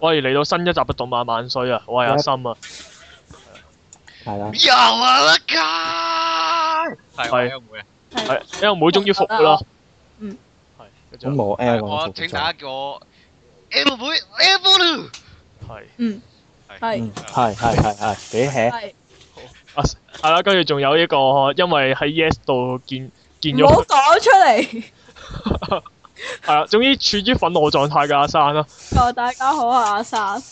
我而嚟到新一集嘅動漫萬歲啊！我係阿心啊，係啊，又啊！L 妹係，係 L 妹終於服啦，嗯，係，咁我我請大家叫我 L 妹 L 妹，係，嗯，係，嗯，係係係係，幾 hea，係，啊，係啦，跟住仲有一個，因為喺 YES 度見見咗，唔好講出嚟。係啊，總之處於憤怒狀態嘅阿山啦。各位大家好啊，阿山。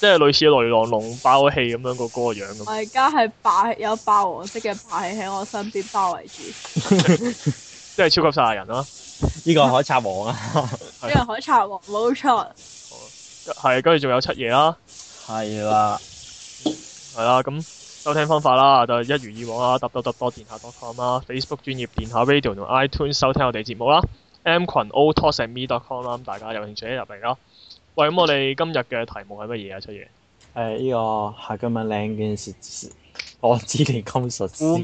即係類似雷狼龍爆氣咁樣個歌樣。我而家係霸有霸王色嘅霸氣喺我身邊包圍住。即係超級賽亞人啦，呢個海賊王啊。呢個海賊王冇錯。係跟住仲有七夜啦。係啦，係啦，咁收聽方法啦，就一如以往啦揼 o 揼 dot 電台 dot com 啦，Facebook 專業電下 Radio 同 iTunes 收聽我哋節目啦。M 群 o l t o s s a d m e c o m 啦，咁大家有興趣咧入嚟咯。喂，咁我哋今日嘅題目係乜嘢啊？出嘢。誒是，呢個係咁嘅靚件事，我之鍊金術。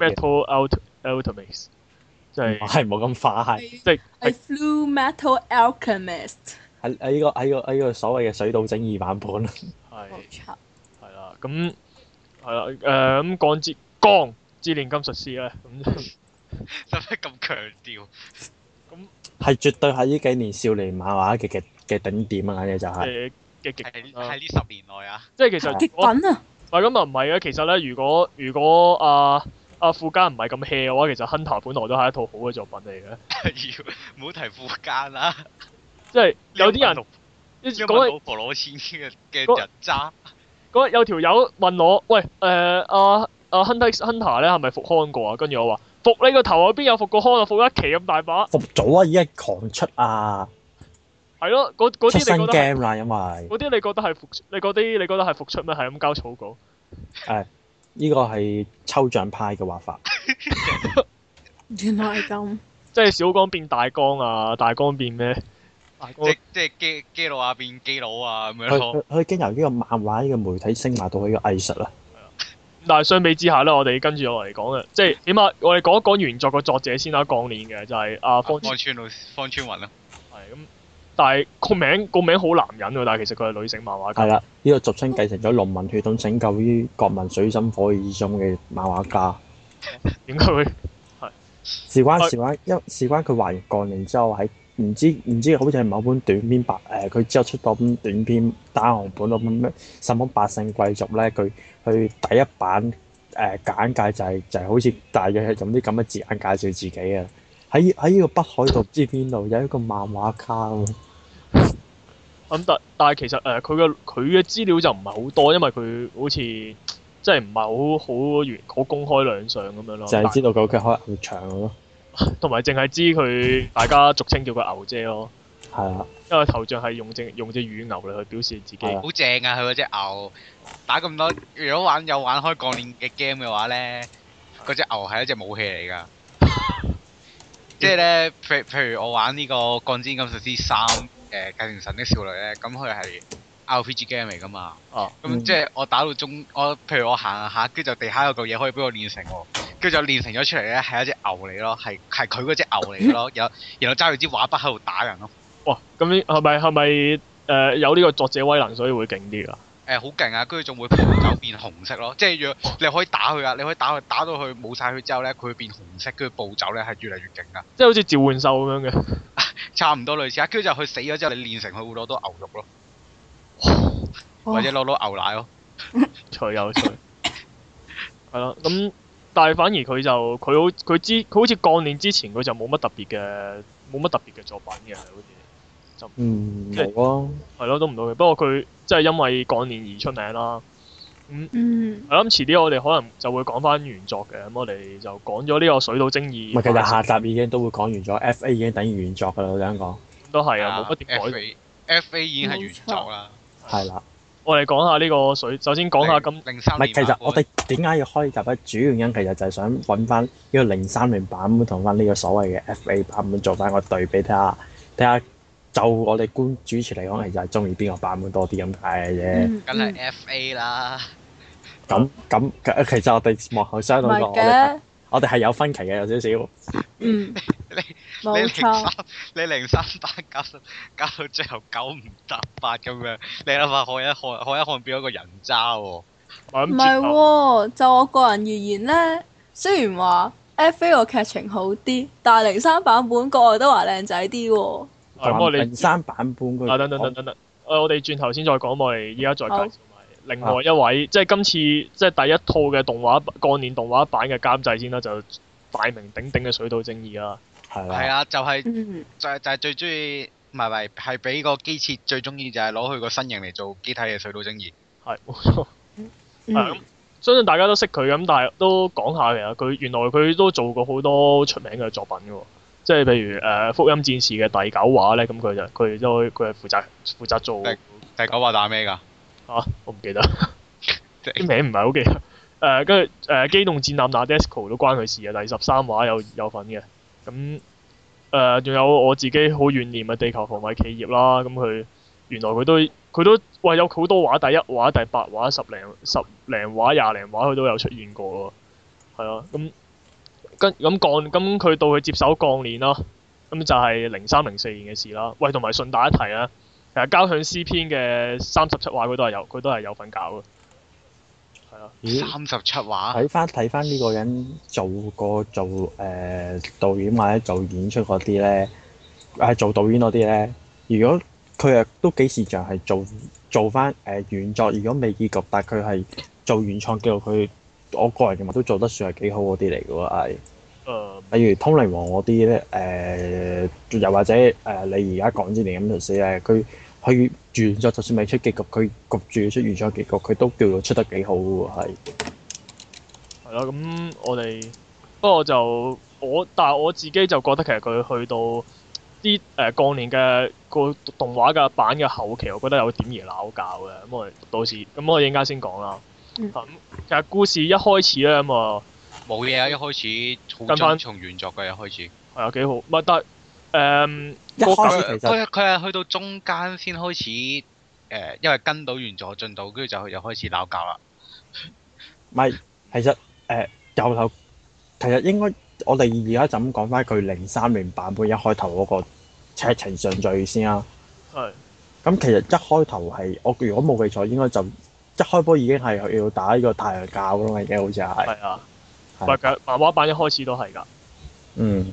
就係係冇咁快即係。I flew metal alchemist。喺喺呢個喺、啊這個喺、啊這個、啊這個、所謂嘅水道整義版本。係。冇錯。係啦，咁係啦，誒、嗯，咁講之鋼之鍊金術師啊，咁有咩咁強調？係絕對係呢幾年少年漫畫嘅嘅嘅頂點啊！嘅就係、是，嘅嘅係呢十年內啊，即係其實作品啊，唔係咁又唔係啊！其實咧，如果如果阿阿富堅唔係咁 hea 嘅話，其實 Hunter 本來都係一套好嘅作品嚟嘅。唔好提富堅啦，即係有啲人，講起老婆攞錢嘅嘅人渣。有條友問我，喂，誒、呃，阿、啊、阿、啊、Hunter Hunter 咧係咪復刊過啊？跟住我話。復你個頭啊！邊有復過康啊？復一期咁大把。復早啊！而家狂出啊！係咯， 嗰啲你覺得？出新 game 啦，因為嗰啲你覺得係復？你嗰啲你覺得係復出咩？係咁交草稿。誒、哎、呢、這個係抽象派嘅畫法。原來係咁，即係小江變大江啊！大江變咩？即即基基佬啊，變基佬啊，咁樣佢佢，經由呢個漫畫呢個媒體升華到佢嘅藝術啦。但係相比之下咧，我哋跟住落嚟講嘅，即係起碼，我哋講一講原作個作者先啦，《鋼煉》嘅就係、是、阿、啊、方、啊、荒川弘、荒川弘啦。係咁，但係個名個名好男人喎，但係其實佢係女性漫畫家。係啦，呢、這個俗稱繼承咗農民血統，拯救於國民水深火熱之中嘅漫畫家。點解會係事關事關因事關佢畫完《鋼煉》之後喺。唔知唔知，好似係某本短篇白誒，佢之後出到本短篇單行本啊，乜什麼《百姓貴族》呢咧，佢佢第一版誒、呃、簡介就係、是、就係、是、好似大約係用啲咁嘅字眼介紹自己啊。喺喺呢個北海道唔知邊度有一個漫畫卡咁、啊嗯。但但係其實誒，佢嘅佢嘅資料就唔係好多，因為佢好似即係唔係好好好公開亮相咁樣咯。就係知道佢嘅但可能好長咯、啊。同埋淨係知佢大家俗稱叫佢牛姐咯，係啊的，因為頭像係用隻用隻乳牛嚟去表示自己，好正啊！佢嗰隻牛打咁多，如果玩有玩開鋼鍊嘅 game 嘅話呢，嗰隻牛係一隻武器嚟㗎，即係 呢，譬譬如我玩呢個鋼之鍊金術師三誒繼承神的少女呢，咁佢係。RPG game 嚟噶嘛？哦，咁、嗯、即係我打到中我，譬如我行下，跟住就地下有嚿嘢可以俾我練成，跟住就練成咗出嚟咧，係一隻牛嚟咯，係係佢嗰隻牛嚟嘅咯。然後然後揸住支畫筆喺度打人咯。哇、哦！咁係咪係咪誒有呢個作者威能，所以會勁啲噶？誒、呃，好勁啊！跟住仲會步走變紅色咯，即係你可以打佢啊，你可以打佢打，打到佢冇晒血之後咧，佢會變紅色，跟住步走咧係越嚟越勁噶、啊，即係好似召喚獸咁樣嘅， 差唔多類似啊。跟住就佢死咗之後，你練成佢會攞到牛肉咯。哇或者攞到牛奶咯，除有水。係咯咁，但係反而佢就佢好佢之佢好似過年之前佢就冇乜特別嘅冇乜特別嘅作品嘅，好似就唔係咯，係咯、嗯哦、都唔到嘅。不過佢即係因為過年而出名啦。嗯，嗯嗯遲我諗遲啲我哋可能就會講翻原作嘅，咁我哋就講咗呢個《水島精二》。唔係，其實下集已經都會講完咗，F A 已經等於原作噶啦，我想講都係啊，冇乜點改，F A 已經係原作啦。嗯啊係啦，對我哋講下呢個水，首先講下咁零三年，唔係其實我哋點解要開集咧？主要原因其實就係想揾翻呢個零三年版本，同翻呢個所謂嘅 FA 版本做翻個對比，睇下睇下就我哋觀主持嚟講，其實係中意邊個版本多啲咁睇嘅啫。梗係 FA 啦。咁、嗯、咁，其實我哋幕後相對我哋係有分歧嘅，有少少。嗯。你你你零三你零三版搞到搞到最後九唔搭八咁樣，你諗下可一可可一可變咗個人渣喎，哦。唔係喎，就我個人而言咧，雖然話 FA 個劇情好啲，但係零三版本，本國外都話靚仔啲喎。咁我哋零三版本嗰。啊等等等等等，誒我哋轉頭先再講，我哋依家再講。另外一位，啊、即係今次即係第一套嘅動畫過年動畫版嘅監製先啦，就大名鼎鼎嘅水道正義啦。係啊，啊，就係、係嗯、就係就係最中意，唔係唔係，係俾個機設最中意就係攞佢個身形嚟做機體嘅水道正義。係冇錯。咁、 嗯嗯，相信大家都識佢咁，但係都講下其實啊。佢原來佢都做過好多出名嘅作品㗎喎。即係譬如誒、呃、福音戰士嘅第九話咧，咁佢就佢都佢係負，負責負，負責做。第九話打咩㗎？啊！我唔記，記得，名唔係好記得。誒，跟住誒，機動戰艦娜迪絲都關佢事啊！第十三話有有份嘅，咁誒仲有我自己好怨念嘅地球防衞企業啦。咁佢原來佢都佢都喂有好多話，第一話、第八話、十零十零話、廿零話，佢都有出現過喎。係啊，咁跟咁鋼咁佢到佢接手鋼鍊啦，咁就係零三零四年嘅事啦。喂，同埋順帶一提咧。誒，交響詩篇嘅三十七話，佢都係有，佢都係有份搞嘅。係啊，三十七話。睇翻睇翻呢個人做過做誒、呃、導演或者做演出嗰啲咧，誒、啊、做導演嗰啲咧。如果佢又都幾時像係做做翻誒、呃、原作，如果未結局，但佢係做原創嘅，佢我個人認為都做得算係幾好嗰啲嚟嘅喎，係。誒。例如《通靈王》嗰啲咧，誒又或者誒、呃、你而家講之年咁多時咧，佢。佢住完咗，就算未出結局，佢焗住出完咗結局，佢都叫做出得幾好喎，係。係啦、啊，咁我哋不過我就我，但係我自己就覺得其實佢去到啲誒過年嘅個動畫嘅版嘅後期，我覺得有點而撈教嘅。咁、嗯、我、嗯、到時咁我陣間先講啦。咁、嗯、其實故事一開始咧咁啊，冇、嗯、嘢啊，一開始跟翻從原作嘅番一開始。係啊，幾好。唔係，誒，um, 一開佢佢係去到中間先開始，誒、呃，因為跟到完咗進度，跟住就又開始鬧交啦。唔係，其實誒，由、呃、頭其實應該我哋而家就咁講翻佢：「零三年版本一開頭嗰個劇情順序先啦。係是。咁其實一開頭係我如果冇記錯，應該就一開波已經係要打呢個太陽教嘅咯，已經好似係。係啊。唔係佢漫畫版一開始都係噶。嗯。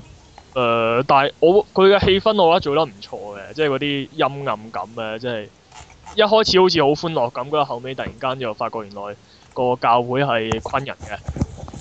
誒、呃，但係我佢嘅氣氛，我覺得做得唔錯嘅，即係嗰啲陰暗感啊，即係一開始好似好歡樂咁，嗰後尾突然間就發覺原來個教會係昆人嘅，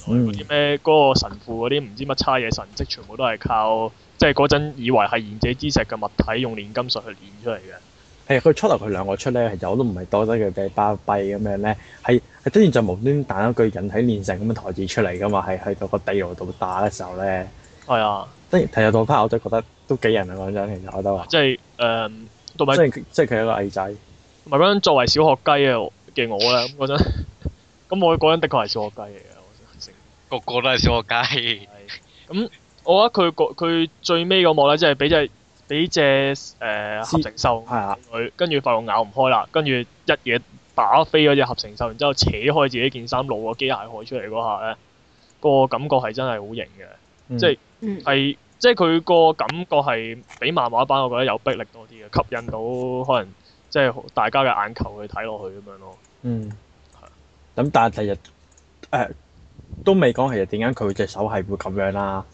嗰啲咩嗰個神父嗰啲唔知乜差嘢神跡，全部都係靠即係嗰陣以為係賢者之石嘅物體用，用煉金術去煉出嚟嘅。係佢初頭佢兩個出咧係有，都唔係多得佢嘅巴閉咁樣咧，係係居然就無端彈一句人體煉成咁嘅台詞出嚟嘅嘛，係喺嗰個地獄度打嘅時候咧。係啊、哎。睇下到 part，我就覺得都幾型啊！講真其實我都話，即係誒，同埋即係佢一個矮仔。唔係嗰陣作為小學雞嘅嘅我咧，嗰陣咁我嗰陣的確係小學雞嚟嘅，個個都係小學雞。咁我覺得佢個佢最尾嗰幕咧，即係俾隻俾隻誒合成獸佢，跟住發吽咬唔開啦，跟住一嘢打飛嗰隻合成獸，然之後扯開自己件衫，露個機械海出嚟嗰下咧，個感覺係真係好型嘅，即係係。即係佢個感覺係比漫畫版我覺得有逼力多啲嘅，吸引到可能即係大家嘅眼球去睇落去咁樣咯。嗯，咁係、嗯、但係第日誒都未講、啊啊，其實點解佢隻手係會咁樣啦？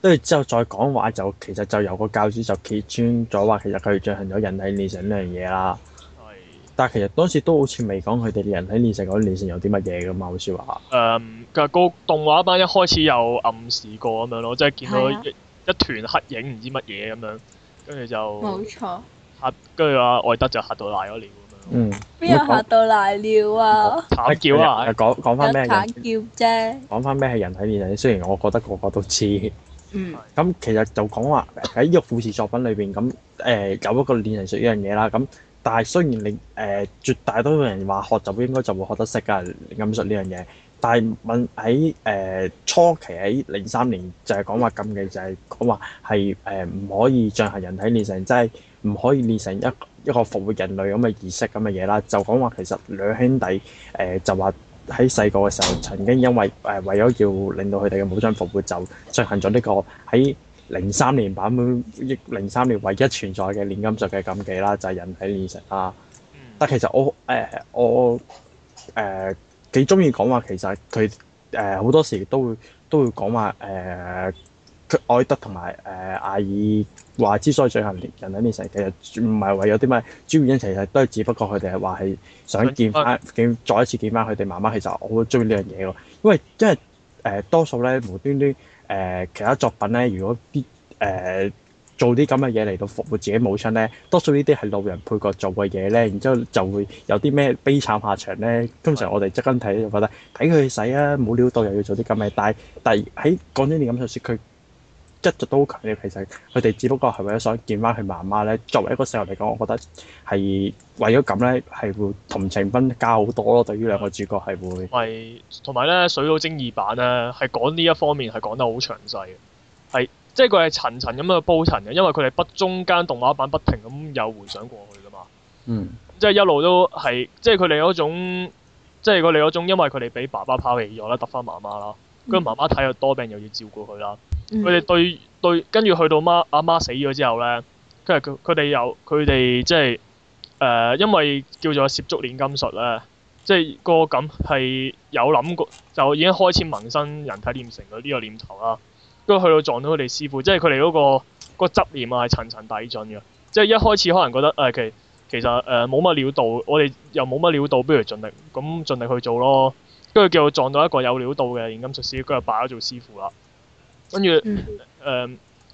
跟住之後再講話就其實就由個教主就揭穿咗話，其實佢進行咗人體練成呢樣嘢啦、啊。係但係其實當時都好似未講佢哋人體練成嗰啲練成有啲乜嘢噶嘛，好似話。誒、嗯，其實個動畫版一開始有暗示過咁樣咯，即係見到一團黑影唔知乜嘢咁樣，跟住就冇錯嚇，跟住話愛德就嚇到瀨咗尿咁樣。嗯，邊有嚇到瀨尿啊？慘叫啊！講講翻咩嘅？慘叫啫。講翻咩係人體練藝？雖然我覺得個個都黐。嗯。咁其實就講話喺呢個故事作品裏邊咁，誒有一個練人術呢樣嘢啦。咁但係雖然你誒、呃、絕大多數人話學習應該就會學得識㗎，暗術呢樣嘢。但係問喺誒初期喺零三年就係講話禁忌，就係講話係誒唔可以進行人體煉成，即係唔可以煉成一個一個復活人類咁嘅儀式咁嘅嘢啦。就講話其實兩兄弟誒、呃、就話喺細個嘅時候曾經因為誒為咗要令到佢哋嘅母親復活，就進行咗呢個喺零三年版本，零三年唯一存在嘅煉金術嘅禁忌啦，就係、是、人體煉成啦。但其實我誒、呃、我誒。呃幾中意講話，其實佢誒好多時都會都會講話誒，呃、愛德同埋誒阿爾話之所以最後連人喺成層嘅，唔係話有啲咩主要原因，其實都係只不過佢哋係話係想見翻，見再一次見翻佢哋媽媽。其實我好中意呢樣嘢咯，因為因為誒多數咧無端端誒、呃、其他作品咧，如果必……誒、呃。做啲咁嘅嘢嚟到復活自己母親咧，多數呢啲係路人配角做嘅嘢咧，然之後就會有啲咩悲慘下場咧。通常是的 我哋側邊睇就覺得睇佢使啊，冇料到又要做啲咁嘅。但係但係喺講呢啲咁嘅事，佢一著都好強烈，其實佢哋只不過係為咗想見翻佢媽媽咧。作為一個細路嚟講，我覺得係為咗咁咧，係會同情分加好多咯。的對於兩個主角係會係同埋咧《水佬精二版呢》咧係講呢一方面係講得好詳細，係。即係佢係層層咁去煲層嘅，因為佢哋不中間動畫版不停咁又回想過去㗎嘛。嗯。即係一路都係，即係佢哋嗰種，即係佢哋嗰種，因為佢哋俾爸爸拋棄咗啦，得返媽媽啦，跟住、嗯、媽媽睇又多病，又要照顧佢啦。佢哋、嗯、對對，跟住去到媽阿媽死咗之後咧，跟住佢佢哋又佢哋即係誒，因為叫做涉足煉金術咧，即、就、係、是、個噉係有諗過，就已經開始萌生人體煉成嘅呢個念頭啦。跟住去到撞到佢哋師傅，即係佢哋嗰個、嗰個執念啊，係層層遞進嘅。即係一開始可能覺得誒、呃、其其實誒冇乜料到，我哋又冇乜料到，不如盡力咁盡力去做咯。跟住叫佢撞到一個有料到嘅鍊金術師，跟住拜咗做師傅啦。跟住誒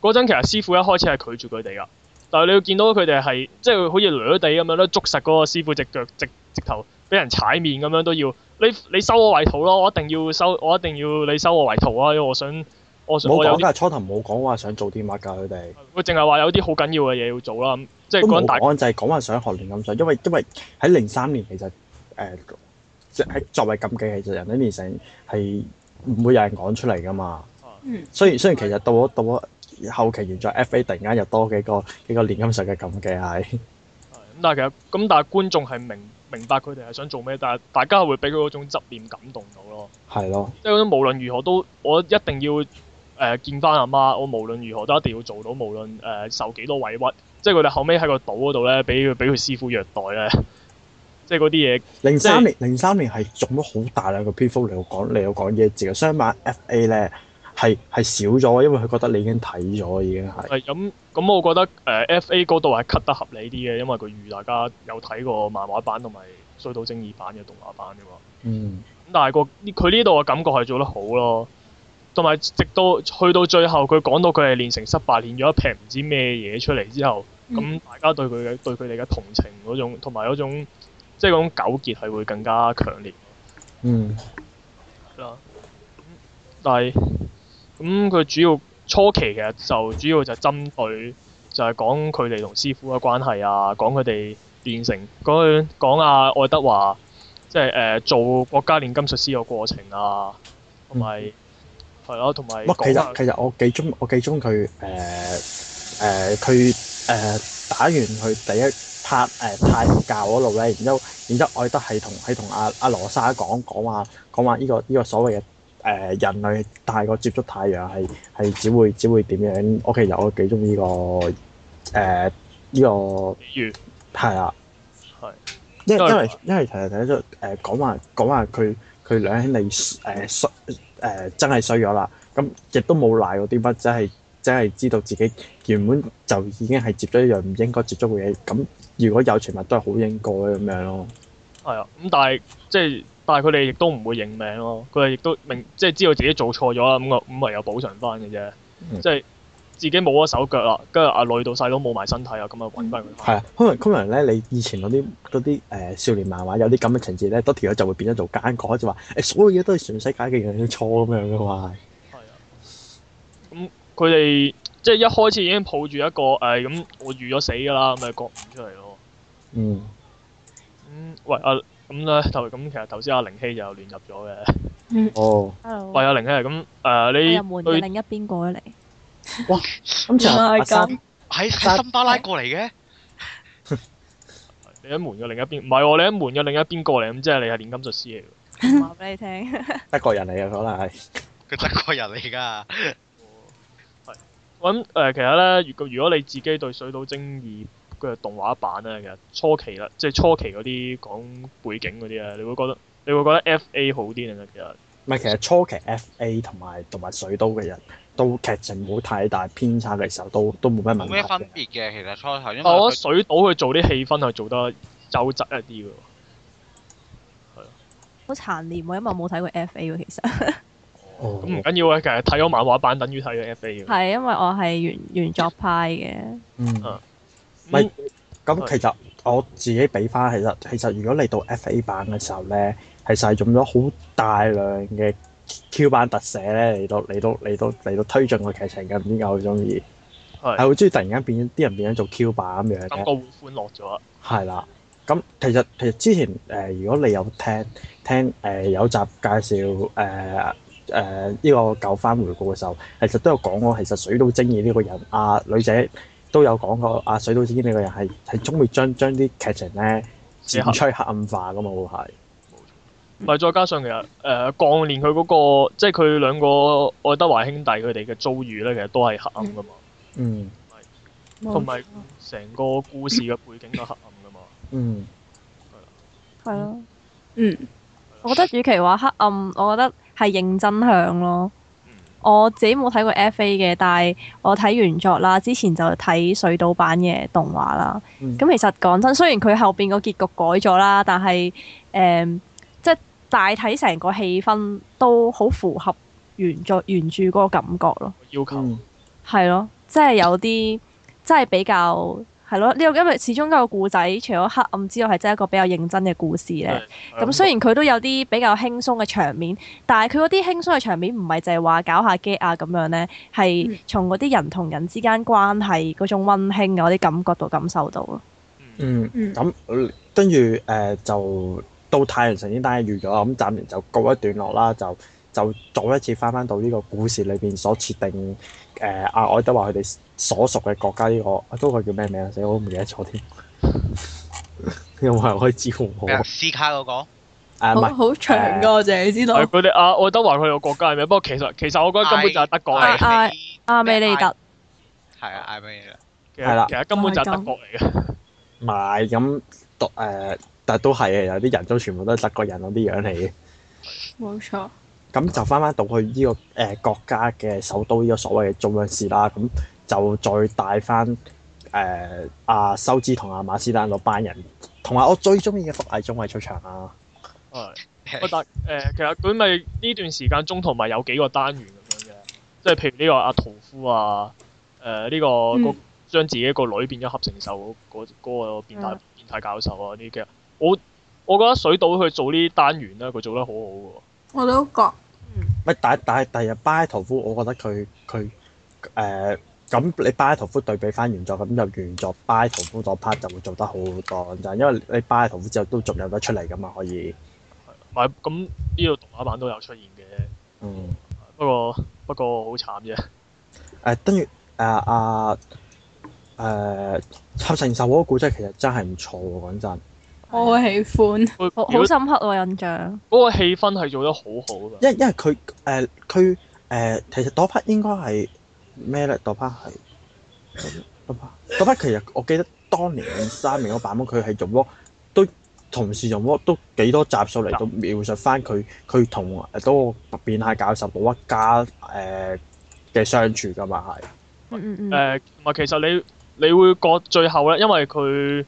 嗰陣，呃、其實師傅一開始係拒絕佢哋噶，但係你會見到佢哋係即係好似雷雷地咁樣咧，捉實嗰個師傅隻腳，直直，直，直頭俾人踩面咁樣都要。你你收我為徒咯，我一定要收，我一定要，一定要，一定要你收我為徒啊，因為我想。冇講㗎，初頭冇講話想做啲乜㗎，佢哋。佢淨係話有啲好緊要嘅嘢要做啦，即係。都冇講就係講話想學練金術，因為因為喺零三年其實誒即係作為禁忌，其實人哋連成係唔會有人講出嚟㗎嘛。嗯。雖然雖然其實到到後期完咗 FA，突然間又多幾個幾個練金術嘅禁忌係。咁但係其實咁，但係觀眾係明明白佢哋係想做咩，但係大家會俾佢嗰種執念感動到咯。係咯的。即係無論如何都，我一定要。誒、呃、見翻阿媽，我無論如何都一定要做到，無論誒、呃、受幾多委屈，即係佢哋後尾喺個島嗰度咧，俾佢俾佢師傅虐待咧，即係嗰啲嘢。零三年零三、就是、年係做咗好大量嘅篇幅嚟講嚟講嘢字嘅，相反 FA 咧係係少咗，因為佢覺得你已經睇咗，已經係、嗯。咁、嗯、咁，我覺得誒、呃、FA 嗰度係 cut 得合理啲嘅，因為佢預大家有睇過漫畫版同埋《水島精二》版嘅動畫版㗎嘛。嗯。咁但係個佢呢度嘅感覺係做得好咯。同埋，直到去到最後佢講到佢係練成失敗，練咗一撇唔知咩嘢出嚟之後，咁、嗯、大家對佢嘅對佢哋嘅同情嗰種，同埋嗰種即係嗰種糾結係會更加強烈。嗯。係啦。但係，咁佢主要初期其實就主要就係針對就係、是、講佢哋同師傅嘅關係啊，講佢哋練成講講阿愛德華即係誒做國家煉金術師嘅過程啊，同埋。嗯係咯，同什埋麼。其實其實我幾中，我幾中佢誒誒佢誒打完佢第一拍誒太教嗰度咧，然之後然之後愛德係同係同阿、啊、阿羅莎講講話講話呢、這個呢、這個所謂嘅誒、呃、人類大過接觸太陽系係只會只會點樣？我其實我幾鍾意呢個誒呢、呃這個係啊，係。因為因為因為睇嚟睇得出誒講話講話佢佢兩兄弟誒誒、呃、真係衰咗啦，咁亦都冇賴過啲乜，真係真係知道自己原本就已經係接咗一樣唔應該接觸嘅嘢，咁如果有傳聞都係好應該咁樣咯。係啊，咁但係即係但係佢哋亦都唔會認命咯，佢哋亦都明即係、就是、知道自己做錯咗啦，咁個咁咪有補償翻嘅啫，即係、嗯。就是自己冇咗手腳啦，跟住阿女到細佬冇埋身體啊，咁啊搵返佢。係啊，通常通常咧，你以前嗰啲嗰啲誒少年漫畫有啲咁嘅情節咧，多條友就會變咗做奸角，就話誒所有嘢都係全世界嘅人錯咁樣嘅嘛。係啊，咁佢哋即係一開始已經抱住一個誒咁，我預咗死噶啦，咁咪割唔出嚟咯。嗯。嗯，喂阿咁咧頭咁，其實頭先阿玲希就有亂入咗嘅。嗯。哦。喂，阿玲希，咁誒你去另一邊過咗嚟。哇！咁就、嗯、阿三喺喺辛巴拉過嚟嘅，啊 哦，你喺門嘅另一邊，唔係你喺門嘅另一邊過嚟，咁即係你係煉金術師嚟。話俾你聽，德國人嚟嘅可能係佢 德國人嚟噶。係搵誒，其實咧，如果如果你自己對《水島精二》嘅動畫版咧，其實初期啦，即係初期嗰啲講背景嗰啲咧，你會覺得你會覺得 F A 好啲嘅。其實唔係，其實初期 F A 同埋同埋水島嘅人。 到劇情冇太大偏差嘅時候都，都都冇咩問題。冇咩分別嘅，其實初頭因為我覺得水島去做啲氣氛係做得周質一啲嘅。係啊，好殘念喎，因為我冇睇過 F A 其實。哦，咁唔緊要啊，其實睇咗漫畫版等於睇咗 F A 嘅。係因為我係原原作派嘅。嗯。咪咁、嗯嗯、其實我自己比翻，其實其實如果你到 F A 版嘅時候咧，其實係用咗好大量嘅。Q 版特寫咧，嚟到嚟到嚟到嚟到推進個劇情嘅，唔知點解好中意，係好中意突然間變啲人變咗做 Q 版咁樣嘅。咁個歡樂咗。係啦，咁其實其實之前誒、呃，如果你有聽聽誒、呃、有集介紹誒誒呢個舊番回顧嘅時候，其實都有講過其實水島精二呢個人阿、啊、女仔都有講過阿、啊、水島精二呢個人係係中意將將啲劇情咧暗吹黑暗化㗎嘛，會係。再加上，其實誒、呃、鋼鍊佢嗰、那個，即係佢兩個愛德華兄弟佢哋嘅遭遇咧，其實都係黑暗噶嘛。嗯，同埋成個故事嘅背景都黑暗噶嘛。嗯，係啊了，嗯，我覺得，與其話黑暗，我覺得係認真向咯。嗯、我自己冇睇過 F.A. 嘅，但係我睇原作啦，之前就睇水島版嘅動畫啦。咁、嗯、其實講真，雖然佢後邊個結局改咗啦，但係誒。嗯大體成個氣氛都好符合原作原著嗰個感覺咯，要求係咯，即係有啲即係比較係咯，呢個因為始終個故仔除咗黑暗之外係真係一個比較認真嘅故事咧。咁的雖然佢都有啲比較輕鬆嘅場面，但係佢嗰啲輕鬆嘅場面唔係淨係話搞下 gag 啊咁樣咧，係從嗰啲人同人之間關係嗰種温馨嘅嗰啲感覺度感受到咯。嗯，咁跟住誒就。到太陽神先單日完咗，咁暫時就告一段落啦。就就再一次翻翻到呢個故事裏邊所設定，誒阿愛德華佢哋所屬嘅國家呢、這個、啊、都佢叫咩名啊？死我都唔記得咗添。有冇話可以指控我？斯卡嗰、那個。唔係。好長㗎，uh, 我淨係知道。佢哋阿愛德華佢個國家係咩？不過其實其實我覺得根本就係德國嚟。阿阿美利特。係啊，阿美利特。係啦，其實根本就係德國嚟嘅。唔係咁讀誒。啊啊啊但係都係嘅，有啲人都全部都係德國人嗰啲樣嚟嘅。冇錯。咁就翻翻到去呢個誒國家嘅首都呢個所謂嘅總領事啦，咁就再帶翻誒阿修斯同阿馬斯丹嗰班人，同埋我最中意嘅伏爾中尉出場。啊、嗯。我但誒、呃，其實佢咪呢段時間中途咪有幾個單元咁樣嘅，即係譬如呢、這個阿屠、啊、夫啊，誒、呃、呢、這個個將自己個女變咗合成獸嗰嗰嗰個變態，嗯、變態教授啊啲嘅。我我覺得水島去做呢單元咧，佢做得好好喎。我都覺得，嗯但。但第第第日《拜屠夫》，我覺得佢佢誒咁你《拜屠夫》對比翻原作咁，就原作《拜屠夫》嗰 part 就會做得好好多，講真，因為你《拜屠夫》之後都續有得出嚟㗎嘛，可以。係咁、嗯？呢度動畫版都有出現嘅、啊嗯哎呃呃呃呃。嗯。不過不過好慘啫。誒，跟住誒啊誒，《七神守》嗰個古仔其實真係唔錯喎，講真。我會喜歡，好表深刻喎、啊、印象。嗰個氣氛係做得好好嘅，因因為佢誒佢誒，其實嗰 part 應該係咩咧？嗰 part 係嗰 part 其實我記得當年三尾嗰版本，佢係用咗都同時用咗都幾多集數嚟到描述翻佢佢同誒嗰個變態教授冇一家誒嘅、呃、相處㗎嘛，係、嗯。嗯嗯、呃、其實你你會覺最後咧，因為佢。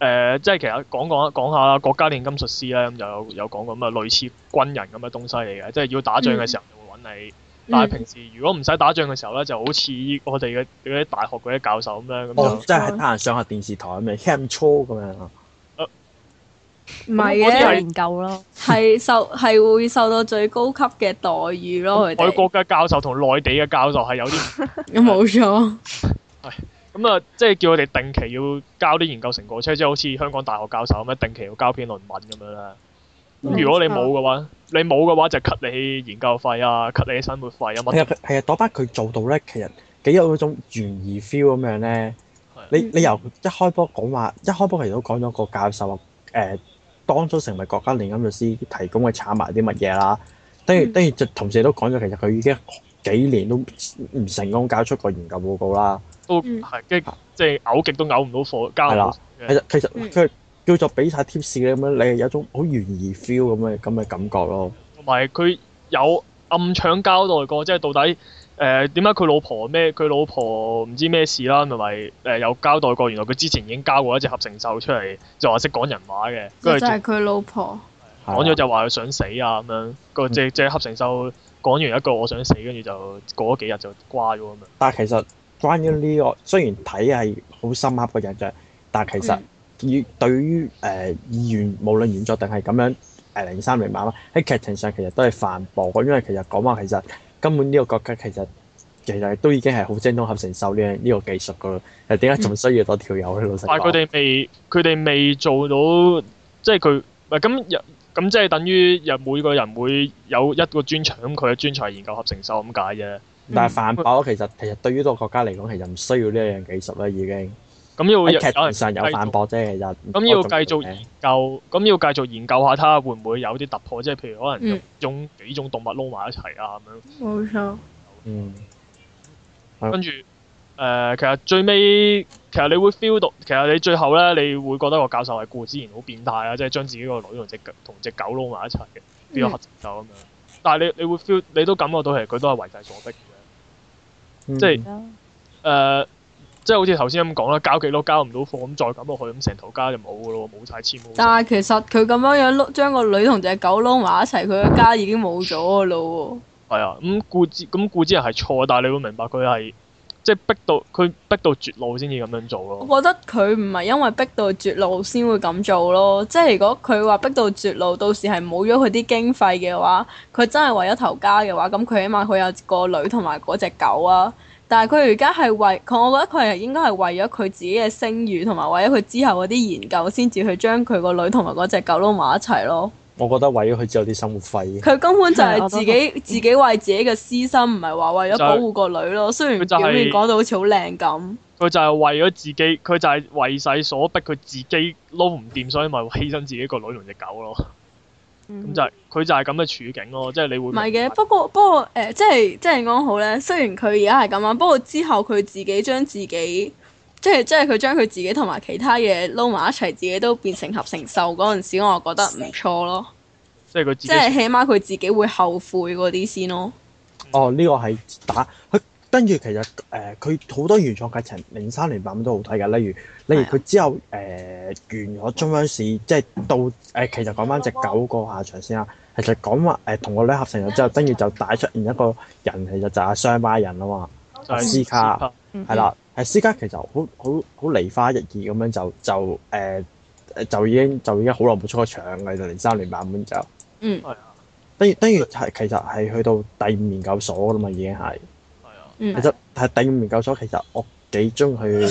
誒、呃，即係其實講講講下國家鍊金術師咧，咁、嗯、就有有講過咁啊，類似軍人咁嘅東西嚟嘅，即係要打仗嘅時候就會揾你，嗯、但係平時如果唔使打仗嘅時候咧，就好似我哋嘅啲大學嗰啲教授咁樣咁。即係得閒上下電視台咁樣 hand show 咁樣，唔係嘅，研究咯，係受係會受到最高級嘅待遇咯。佢哋外國嘅教授同內地嘅教授係有啲，咁冇、嗯、 錯。咁啊，嗯嗯、即係叫佢哋定期要交啲研究成果，出，即係好似香港大學教授咁樣，定期要交篇論文咁樣啦。咁如果你冇嘅話,、嗯、話，你冇嘅話就 cut 你研究費啊，cut 你生活費啊嘛。係啊，當班佢做到咧，其實幾有嗰種懸疑 feel 咁樣咧。啊、你你由一開波講話，一開波其實都講咗個教授誒、呃、當初成為國家年金律師提供嘅產埋啲乜嘢啦。跟住跟住就同時都講咗，其實佢已經幾年都唔成功交出個研究報告啦。都係，跟即係嘔極都嘔唔到火。交啦、嗯，其實、嗯、其實佢叫做比俾曬提示咁樣，嗯、你係有一種好懸疑 feel 咁嘅咁嘅感覺咯。同埋佢有暗場交代過，即、就、係、是、到底誒點解佢老婆咩？佢老婆唔知咩事啦，同埋誒有交代過，原來佢之前已經交過一隻合成獸出嚟，就話識講人話嘅。就係佢老婆講咗吧就話佢想死啊咁樣個，嗯、即即係合成獸講完一句我想死，跟住就過咗幾日就瓜咗咁樣。但係其實。關於呢個雖然睇係好深刻嘅印象，但係其實以對於誒議員，無論原著定係咁樣誒零三零碼啦，喺、呃、劇情上其實都係反駁，因為其實講話其實根本呢個國家其實其實都已經係好精通合成獸呢樣呢個技術㗎喇，又點解仲需要多條友喺度食飯？但佢哋未，佢哋未做到，即係佢咁咁即係等於入每個人會有一個專長，咁佢嘅專才研究合成獸咁解啫。但係反駁，其實其實對於呢個國家嚟講，其實唔需要呢一樣技術啦，已經。咁要、嗯、劇本上有反駁啫，咁要繼續研究，咁實要繼續研究，續研究下，睇下會唔會有啲突破，即係譬如可能種幾種動物撈埋一齊啊咁、嗯、樣。冇錯、嗯。嗯、跟住誒、呃，其實最尾其實你會 feel 到，其實你最後咧，你會覺得個教授係固之然好變態啊，即、就、係、是、將自己個女同隻同隻狗撈埋一齊嘅，變咗核突咁樣。但係你你會 feel，你，你，你都感覺到其實佢都係為勢所逼。即係誒、呃，即係好似頭先咁講啦，交幾多交唔到貨咁，再咁落去咁，成頭家就冇㗎咯，冇晒錢冇。但係其實佢咁樣樣攞將個女同隻狗窿埋一齊，佢嘅家已經冇咗㗎咯。係啊，咁、嗯、顧之咁、嗯、顧之人係錯，但係你會明白佢係。即係逼到佢逼到絕路先至咁樣做咯。我覺得佢唔係因為逼到絕路先會咁做咯。即係如果佢話逼到絕路，到時係冇咗佢啲經費嘅話，佢真係為咗頭家嘅話，咁佢起碼佢有個女同埋嗰隻狗啊。但係佢而家係為，我覺得佢係應該係為咗佢自己嘅聲譽同埋為咗佢之後嗰啲研究先至去將佢個女同埋嗰隻狗撈埋一齊咯。我覺得為咗佢隻有啲生活費。佢根本就係自己、嗯、自己為自己嘅私心，唔係話為咗保護個女咯。就係、雖然佢表面講到好似好靚咁。佢就係為咗自己，佢就係為勢所逼，佢自己撈唔掂，所以咪犧牲自己個女同隻狗咯。咁、嗯、就係、係、佢就係咁嘅處境咯，即、就、係、係、你會。唔係嘅，不過不過誒、呃，即係即係剛好咧。雖然佢而家係咁樣，不過之後佢自己將自己。即係即係佢將佢自己同埋其他嘢撈埋一齊，自己都變成合成獸嗰陣時，我覺得唔錯咯。即係佢，即係起碼佢自己會後悔嗰啲先咯。嗯、哦，呢、這個係打佢跟住其實誒，佢、呃、好多原創劇情，零三年版本都好睇嘅，例如例如佢之後誒是、啊呃、完咗中央市，即係到誒、呃，其實講返隻狗個下場先啦。其實講話誒同個女合成咗之後，跟住就帶出現一個人，其實就係雙巴人啊嘛，斯卡係啦。C 私家其實好好好梨花一葉咁樣就就誒誒、呃、就已經就已經好耐冇出過場，嚟到嚟三年半咁就嗯，等如等如係其實係去到第五研究所㗎嘛，已經係係啊，嗯、其實係第五研究所，其實我幾中意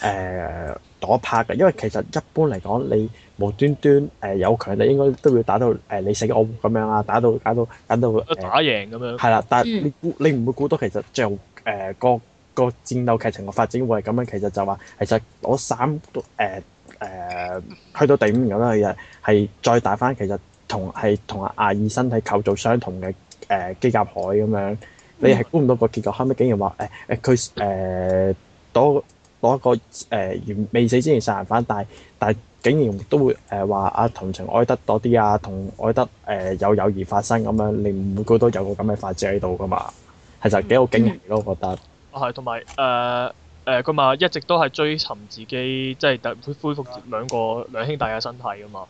誒打拍嘅，因為其實一般嚟講，你無端端誒、呃、有強力，應該都要打到誒、呃、你死我活咁樣啊，打到打到打到、呃、打贏咁樣係啦，但係你估你唔會估到其實最後誒個。呃呃個戰鬥劇情個發展會係咁樣，其實就話其實攞三個誒去到第五個啦，係係再打翻，其實同係同阿艾爾身體構造相同嘅誒、欸、機甲海咁樣，你係估唔到個結局後尾竟然話誒誒佢誒攞攞個誒完未死之前殺人翻，但係但係竟然都會誒話阿同情愛德多啲啊，同愛德誒、呃、有友誼發生咁樣，你唔會估到有個咁嘅發展喺度噶嘛，其實幾好驚奇咯，我覺得。啊，係同埋誒誒，佢話、呃呃、一直都係追尋自己，即係突恢復兩個兩兄弟嘅身體啊嘛。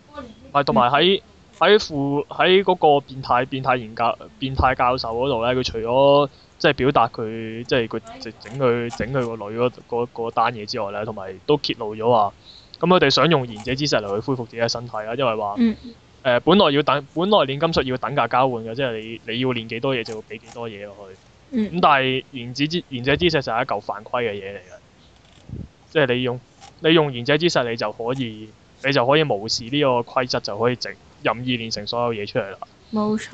咪同埋喺喺父喺嗰個變態變態嚴教變態教授嗰度咧，佢除咗即係表達佢即係佢整整佢整佢個女嗰單嘢之外咧，同埋都揭露咗話，咁佢哋想用賢者之石嚟去恢復自己嘅身體啦，因為話誒、呃、本來要等本來煉金術要等價交換嘅，即係你你要煉幾多嘢就要俾幾多嘢落去。咁、嗯、但係元子之賢者之石就係一嚿犯規嘅嘢嚟嘅，即係你用你用賢者之石你就可以你就可以無視呢個規則就可以整任意練成所有嘢出嚟啦。冇錯。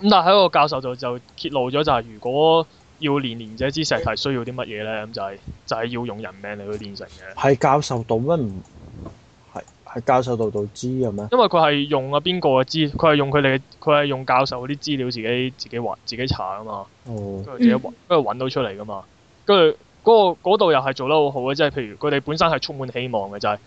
咁但係喺個教授度就，就揭露咗就係如果要練賢者之石係需要啲乜嘢咧？咁就係、是、就係、是、要用人命嚟去練成嘅。係教授道乜唔？喺教授度度知嘅咩？因為佢係用啊邊個嘅資料，佢係用佢哋，佢係用教授啲資料自己自己揾，自己查啊嘛。跟住揾，跟住揾到出嚟噶嘛。跟住嗰度又係做得好好嘅，即係譬如佢哋本身係充滿希望嘅，就係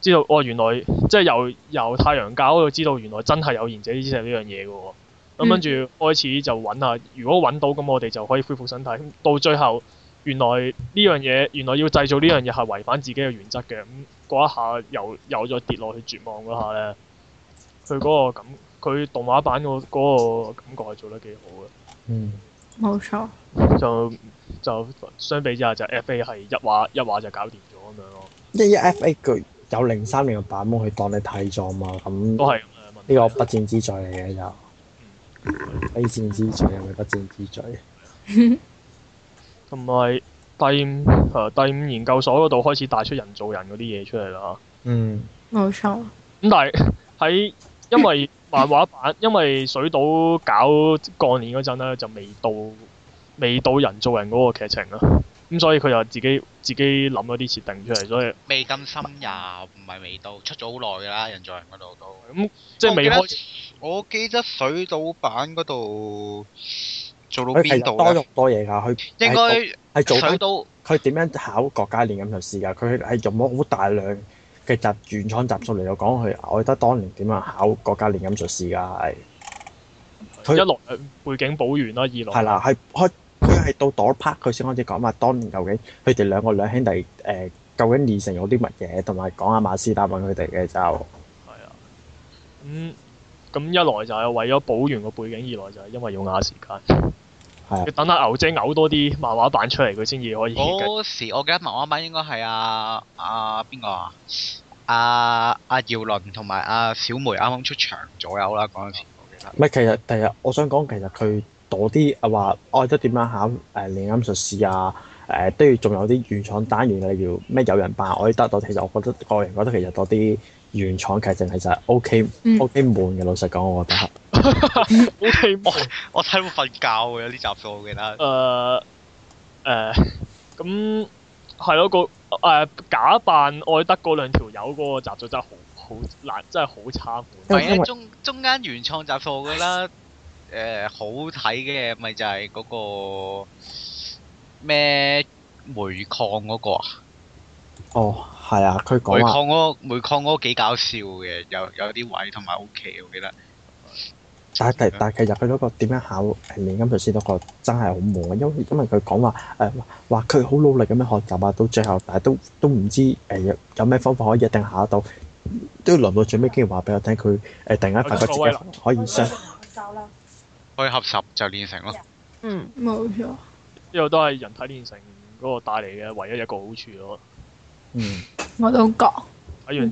知道哦原來即係由由太陽教度知道原來真係有賢者之石呢樣嘢嘅喎。咁跟住開始就揾下，如果揾到咁我哋就可以恢復身體。到最後原來呢樣嘢原來要製造呢樣嘢係違反自己嘅原則嘅。嗰一下，又又再跌落去絕望嗰下咧，佢嗰個感，佢動畫版個嗰個感覺係做得幾好嘅。嗯，冇錯錯。就就相比之下，就 F A 係一畫一畫就搞掂咗咁樣咯。一一 F A 巨有零三年嘅版本，佢當你睇咗嘛，咁都係呢、啊、個不戰之罪嚟嘅就。非戰 之罪係咪不戰之罪？同埋。第五第五研究所嗰度開始帶出人造人嗰啲嘢出嚟啦，嗯沒錯，冇錯。咁但係喺因為漫畫版， 因為水島搞過年嗰陣咧，就未到未到人造人嗰個劇情啦。咁所以佢又自己自己諗咗啲設定出嚟，所以未咁深入，唔係未到出咗好耐噶啦，人造人嗰度都咁、嗯、即係未開始我。我記得水島版嗰度做到邊度？多肉多嘢㗎，佢應該。係做到佢點樣考國家鍊金術師㗎？佢係用咗好大量嘅集原創集數嚟講佢我愛德當年點樣考國家鍊金術師㗎？係佢一來它背景補完啦，二來係啦，係開佢係到嗰 part 佢先開始講啊，當年究竟佢哋兩個兩兄弟誒、呃、究竟鍊成有啲乜嘢，同埋講阿馬斯達問佢哋嘅就係啊，咁咁、嗯、一來就係為咗補完個背景，二來就係因為要壓時間。要是等下牛姐嘔多啲漫畫版出嚟，佢先至可以。嗰時、哦、我記得漫畫版應該係阿阿邊個啊？阿阿耀倫同埋阿小梅啱啱出場咗右啦，嗰陣時唔係，其實第日我想講，其實佢多啲話愛得點樣考誒鍊金術師啊誒，都要仲有啲原創單元嘅，例如咩有人扮愛得到。其實我覺得個人覺得其實多啲原創劇情其實真係 O K O K 悶嘅，老實講，我覺得。 okay, but 我我睇到瞓覺嘅有啲集數，我，我數記得 uh, uh,、嗯。誒、嗯、誒，咁係咯個誒假扮愛德嗰兩條友嗰個集數真係好好難，真係、嗯呃、好差。唯一中中間原創集數我覺得，誒好睇嘅咪就係嗰個咩煤礦嗰個啊？哦，係啊，佢煤礦、嗰個煤礦嗰個幾搞笑嘅，有有啲位同埋 O K，我記得。但係，但係其實佢嗰個點樣考誒鍊金術師嗰個真係好悶啊！因為因為佢講話誒話佢好努力咁樣學習啊，到最後但係都都唔知誒、呃、有咩方法可以一定考得到。都要臨到最尾，竟然話俾我聽，佢、呃、誒突然間發覺自己可以相 可以合十就練成咯。嗯，冇錯，呢個都係人體練成嗰個帶嚟嘅唯一一個好處咯。嗯，我都覺。阿真，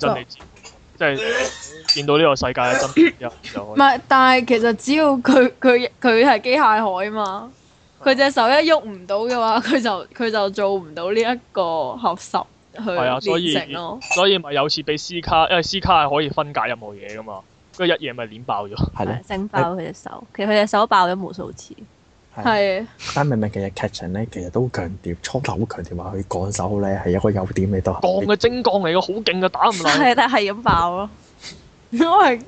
即係見到呢個世界嘅真，唔係，但係其實只要佢佢佢係機械海啊嘛，佢隻手一喐唔到嘅話，佢就佢就做唔到呢一個合十去煉成咯。所以咪有次俾斯卡，因為斯卡係可以分解任何嘢噶嘛，跟住一夜咪碾爆咗，係整爆佢隻手。的其實佢隻手爆咗無數次。係，但明明其實劇情咧，其實都強調，初頭好強調話佢鋼手咧係一個優點嚟到，鋼嘅精鋼嚟嘅，好勁嘅打唔落。係但係咁爆咯，如果係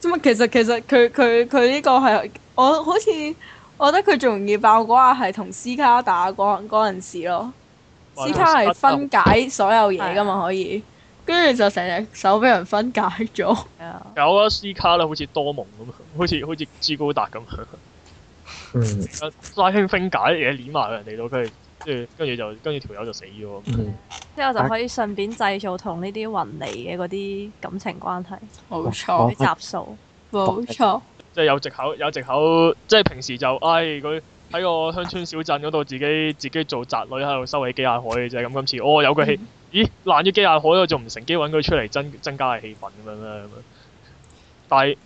咁啊，其實其實佢佢佢呢個係我好似，我覺得佢最容易爆嗰下係同斯卡打嗰嗰陣時咯，哇斯卡係分解所有嘢噶嘛可以，跟住就成隻手俾人分解咗。 其實我覺得斯卡咧好似多蒙咁，好似好似蜘高達咁。嗯，拉兄分解嘢，黏埋人哋到佢，跟住跟住就跟住條友就死咗。嗯，之後就可以順便製造同呢啲雲尼嘅嗰啲感情關係。冇錯，集數冇錯，即係有藉口，有藉口，即係平時就唉，佢喺個鄉村小鎮嗰度自己自己做宅女喺度收起機械海嘅啫。咁今次哦有個戲，咦爛咗機械海，我仲唔乘機搵佢出嚟增增加下氣氛咁樣咧？咁樣，但係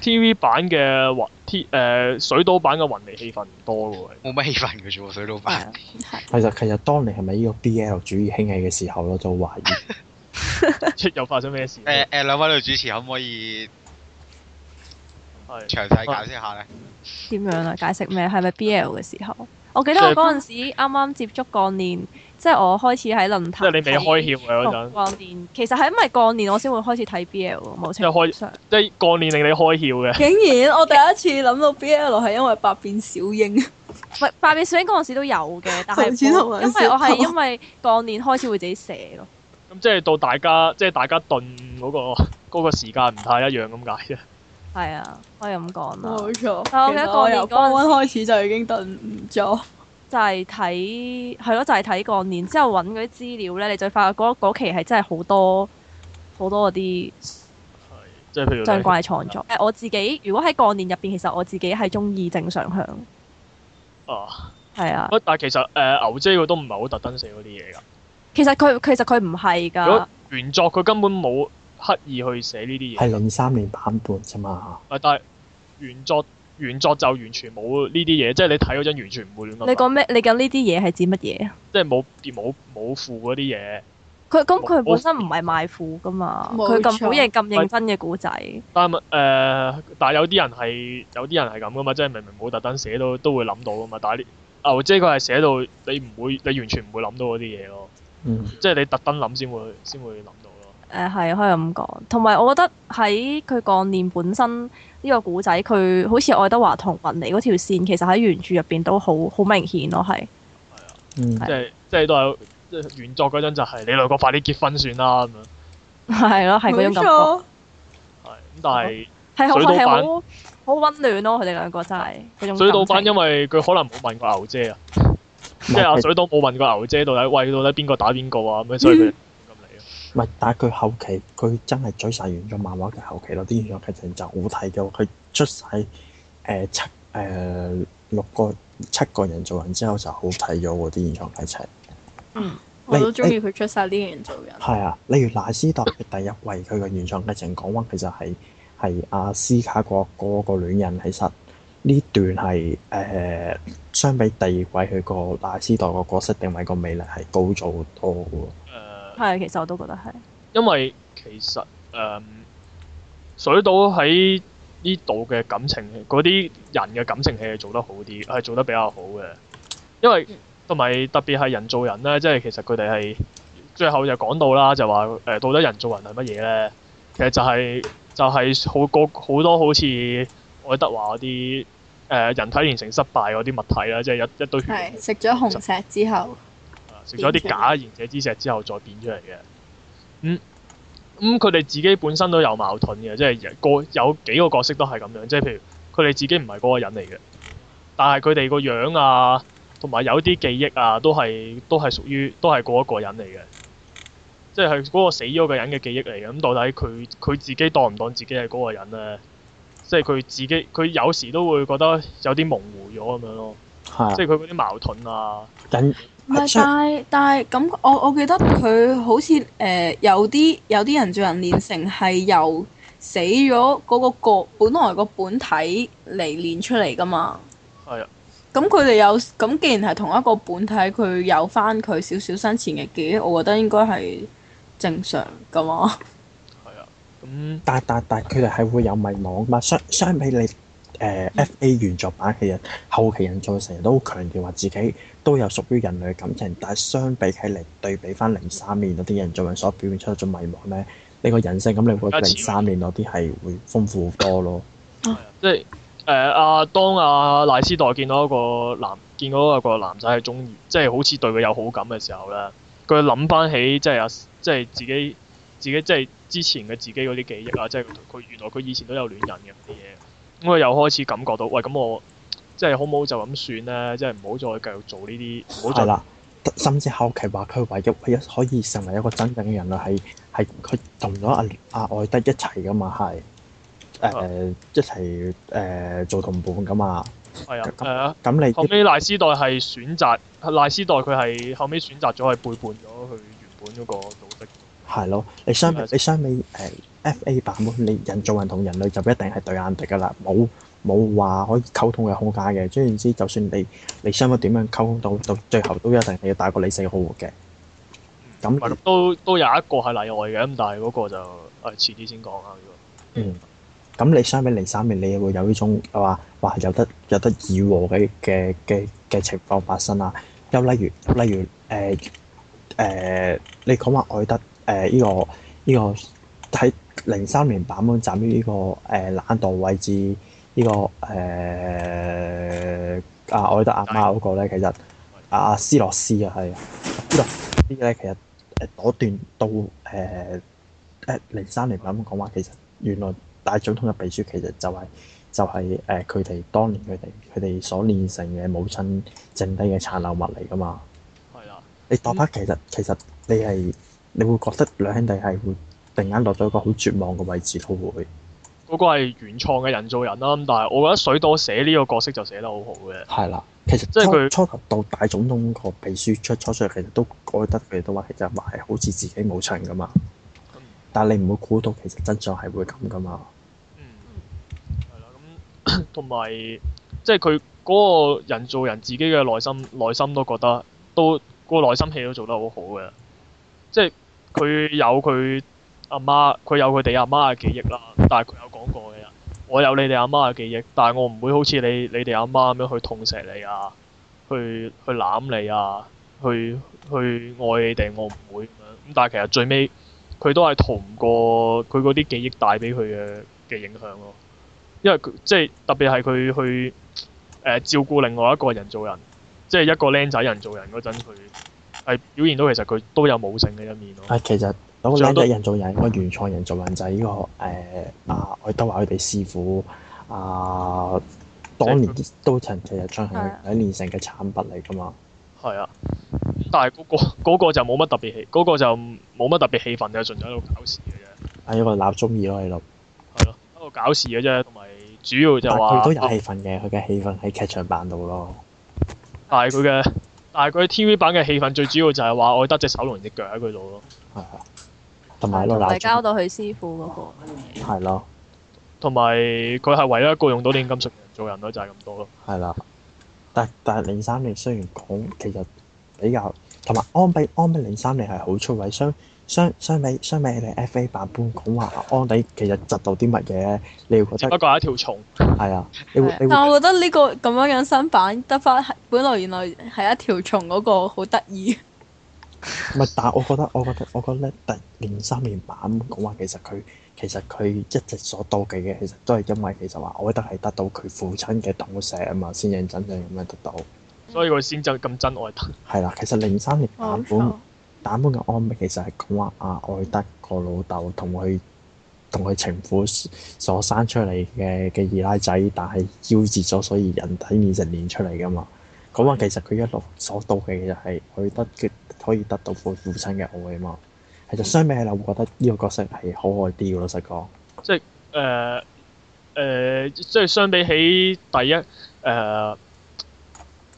T V 版嘅天、呃、水島版嘅雲尼氣氛唔多喎，冇乜氣氛嘅啫喎水島版。其實其實當年係咪呢個 BL 主義興起嘅時候咯，就懷疑出 又發生咩事？誒誒、 呃呃、兩位女主持可唔可以詳細解釋下咧？點 樣啊？解釋咩？係咪 BL 嘅時候？ 我記得我嗰陣時啱啱接觸過年。即係我開始喺論壇，即係你未開竅嘅嗰陣。過年其實係因為過年我先會開始睇 BL 冇錯。即係開過年令你開竅嘅。竟然我第一次諗到 BL 係因為百變小櫻， 百變小櫻嗰陣時都有嘅，但係因為我係因為過年開始會自己寫咯。咁即係到大家即係大家燉嗰個嗰個時間唔太一樣咁解啫。係啊，可以咁講啦。冇錯，我、哦、其實我由過年開始就已經燉咗。就係睇係咯，就係睇過年之後揾嗰啲資料咧，你就發覺嗰期係真係好多好多嗰啲，即係譬如相關嘅創作。誒、啊，我自己如果喺過年入邊，其實我自己係中意正常向。哦、啊，係的啊。但係其實誒、呃，牛姐佢都唔係好特登寫嗰啲嘢噶。其實佢其實佢唔係噶。如果原作佢根本冇刻意去寫呢啲嘢，係零三年版本啫嘛、啊。但係原作。原作就完全冇呢啲嘢，即係你睇嗰陣完全唔會亂諗。你講咩？你講呢啲嘢係指乜嘢啊？即係冇冇冇腐嗰啲嘢。佢咁佢本身唔係賣腐噶嘛？佢咁錯好嘢咁是認真嘅古仔。但係誒？但係有啲人係有啲人係咁噶嘛？即係明明冇特登寫到都會諗到噶嘛？但係呢啊即係佢係寫到你唔會，你完全唔會諗到嗰啲嘢咯。嗯。即係你特登諗先會先會諗到咯。誒係、呃、可以咁講，同埋我覺得喺佢概念本身。呢個古仔佢好似愛德華同雲尼嗰條線，其實喺原著入邊都好好明顯咯，係。係啊、嗯是，嗯，即係即係都係即係原作嗰陣就係你兩個快啲結婚算啦咁樣。係咯，係嗰種感覺。係咁錯，但係水島版好溫暖咯、啊，佢哋兩個真係。水島版因為佢可能冇問過牛姐啊，即係阿水島冇問過牛姐到底，喂到底邊個打邊個啊咁樣所以。佢、嗯。唔係，但係佢後期佢真係追晒完咗漫畫嘅後期咯，啲原創劇情就好睇嘅。佢出晒誒、呃、七誒、呃、六個七個人做人之後就好睇咗喎，啲原創劇情。嗯，我都中意佢出晒。呢啲人做人。係、欸、啊，例如娜斯達第一季佢嘅原創劇情講話，其實係係阿斯卡個個個戀人，其實呢段係誒、呃、相比第二季佢個娜斯達個角色定位個魅力係高咗好多嘅。係、嗯，其實我都覺得係。因為其實誒、嗯，水島喺呢度嘅感情，嗰啲人嘅感情戲係做得好啲，係做得比較好嘅。因為同埋特別係人造人咧，即係其實佢哋係最後就講到啦，就話誒、呃，到底人造人係乜嘢咧？其實就係、是、就係、是、好個好多好似愛德華嗰啲誒，人體形成失敗嗰啲物體啦，即係一一堆。係食咗紅石之後。食咗啲假賢者之石之後再變出嚟嘅，嗯，嗯，咁佢哋自己本身都有矛盾嘅，即係個有幾個角色都係咁樣，即係譬如佢哋自己唔係嗰個人嚟嘅，但係佢哋個樣啊，同埋有啲記憶啊，都係都係屬於都係嗰一個人嚟嘅，即係係嗰個死咗嘅人嘅記憶嚟嘅。咁到底佢佢自己當唔當自己係嗰個人呢？即係佢自己，佢有時都會覺得有啲模糊咗咁樣咯，的即係佢嗰啲矛盾啊，唔係，但係，但係，咁，我我記得佢好似誒、呃、有啲有啲人做人練成係由死咗嗰個個本來個本體嚟練出嚟噶嘛。係啊的。咁佢哋有咁，既然係同一個本體，佢有翻佢少少生前嘅記憶，我覺得應該係正常噶嘛。係啊，咁但但但佢哋係會有迷惘嘛，相相比你。誒、uh，F.A. 原作版其實後期人造成日都強調話自己都有屬於人類嘅感情，但係相比起嚟，對比翻零三年嗰啲人造人所表現出嘅迷茫咧，呢、這個人性咁、嗯，你會覺得零三年嗰啲係會豐富好多咯。即係誒，阿、呃、當阿、啊、賴斯代見到一個男見到一個男仔係中意，即、就、係、是、好似對佢有好感嘅時候咧，佢諗翻起即係阿即係自己自己即係、就是、之前嘅自己嗰啲記憶啊，即係佢原來佢以前都有戀人嘅啲嘢。咁佢又開始感覺到，喂，咁我即係好唔好就咁算咧？即係唔好再繼續做呢啲，唔好再。係啦，甚至後期話佢唯一可以成為一個真正嘅人啊，係係佢同咗阿阿愛德一齊噶的、呃、嘛，係誒一齊誒做同伴噶嘛。係啊，係啊。咁你後尾賴斯代係選擇賴斯代，佢係後尾選擇咗係背叛咗佢原本嗰個組織。係咯，你相比你相比誒。嗯 F.A. 版咯，你人造人同人類就一定係對眼敵噶啦，冇冇話可以溝通嘅空間嘅。總言之，就算你你想乜點樣溝通到，到到最後都一定係要大過你死我活嘅。咁都都有一個係例外嘅，咁但係嗰個就誒、欸、遲啲先講啦、這個。嗯，咁你相比嚟三面，你會有呢種係嘛話有得有得議和嘅嘅嘅嘅情況發生啊？又例如例如誒誒、呃呃，你講話愛德誒呢、呃這個呢、這個喺。這個零三年版本站於呢個誒懶惰位置，這個呃、個呢個誒啊愛德阿媽嗰個咧，其實阿、啊、斯洛斯啊係呢度呢個咧，其實誒嗰段到誒誒零三年版本講話，其實原來大總統嘅秘書其實就係、是、就係誒佢哋當年佢哋佢哋所煉成嘅母親剩低嘅殘留物嚟㗎嘛。係啊的，你當刻其實、嗯、其實你係你會覺得兩兄弟係會。突然間落咗一個好絕望嘅位置，都會嗰個係原創嘅人造人啦、啊。咁但係我覺得水多寫呢個角色就寫得好好嘅。係啦，其實佢初頭到大總統個秘書出咗，出嚟，其實都覺得佢都話其實話係好似自己冇情噶嘛。嗯、但係你唔會估到其實真相係會咁噶嘛，嗯。嗯，係啦。咁同埋即係佢嗰個人造人自己嘅內心內心都覺得，都、嗰個內心戲都做得好好嘅。即係佢有佢。阿媽，佢有佢哋阿媽嘅記憶啦，但係佢有講過嘅。我有你哋阿媽嘅記憶，但係我唔會好似你你哋阿媽咁樣去痛錫你啊，去去攬你啊，去去愛你哋，我唔會咁樣。咁但係其實最尾佢都係逃唔過佢嗰啲記憶帶俾佢嘅嘅影響咯。因為即係特別係佢去、呃、照顧另外一個人做人，即係一個靚仔人做人嗰陣，佢係表現到其實佢都有母性嘅一面咯。啊，其實嗰個靚人做人，個原創人做人就係呢、這個誒啊！愛德華佢哋師傅啊、呃，當年都曾其實係佢喺連成嘅產品嚟㗎嘛。係啊，但係嗰、那個那個就冇乜特別戲，嗰、那個就冇乜特別氣氛。就嘅，咗喺度搞事嘅啫。係一個鬧中意咯，係咯。係咯、啊，一個搞事嘅啫，同埋主要就話。佢都有戲氛嘅，佢嘅戲氛喺劇場版度咯。但係佢嘅，但係佢 TV 版嘅戲氛最主要就係話愛德隻手攏隻腳喺佢度咯。係啊。同埋攞交到佢師傅嗰、那個，係咯了，同埋佢係唯一一個用到鍊金術做人咯，就係、是、咁多咯。係啦，但但零三年雖然講其實比較，同埋安比安比零三年係好出位，相相相比相比起你 F A 版本講話安比其實窒到啲乜嘢，你會覺得不過係一條蟲，係啊，你會但係我覺得呢個咁樣嘅新版得返，本來原來係一條蟲嗰、那個好得意。唔係， 但我覺得，我覺得，我覺得，第零三年版本講話其實佢其實佢一直所妒忌嘅，其實都係因為其實話愛德係得到佢父親嘅疼錫啊嘛，先認真正咁樣得到，所以佢先就咁憎愛德係啦。其實零三年版本版、oh, oh. 本嘅安排其實係講話啊，愛德個老豆同佢同佢情婦所生出嚟嘅嘅二奶仔，但係夭折咗，所以人體煉成練出嚟噶嘛。講話其實佢一路所妒忌嘅就係愛德嘅。可以得到父父親嘅愛嘛？其實，相比起我會覺得呢個角色係可愛啲嘅老實講，呃呃，即係誒誒，即係相比起第一誒誒，呃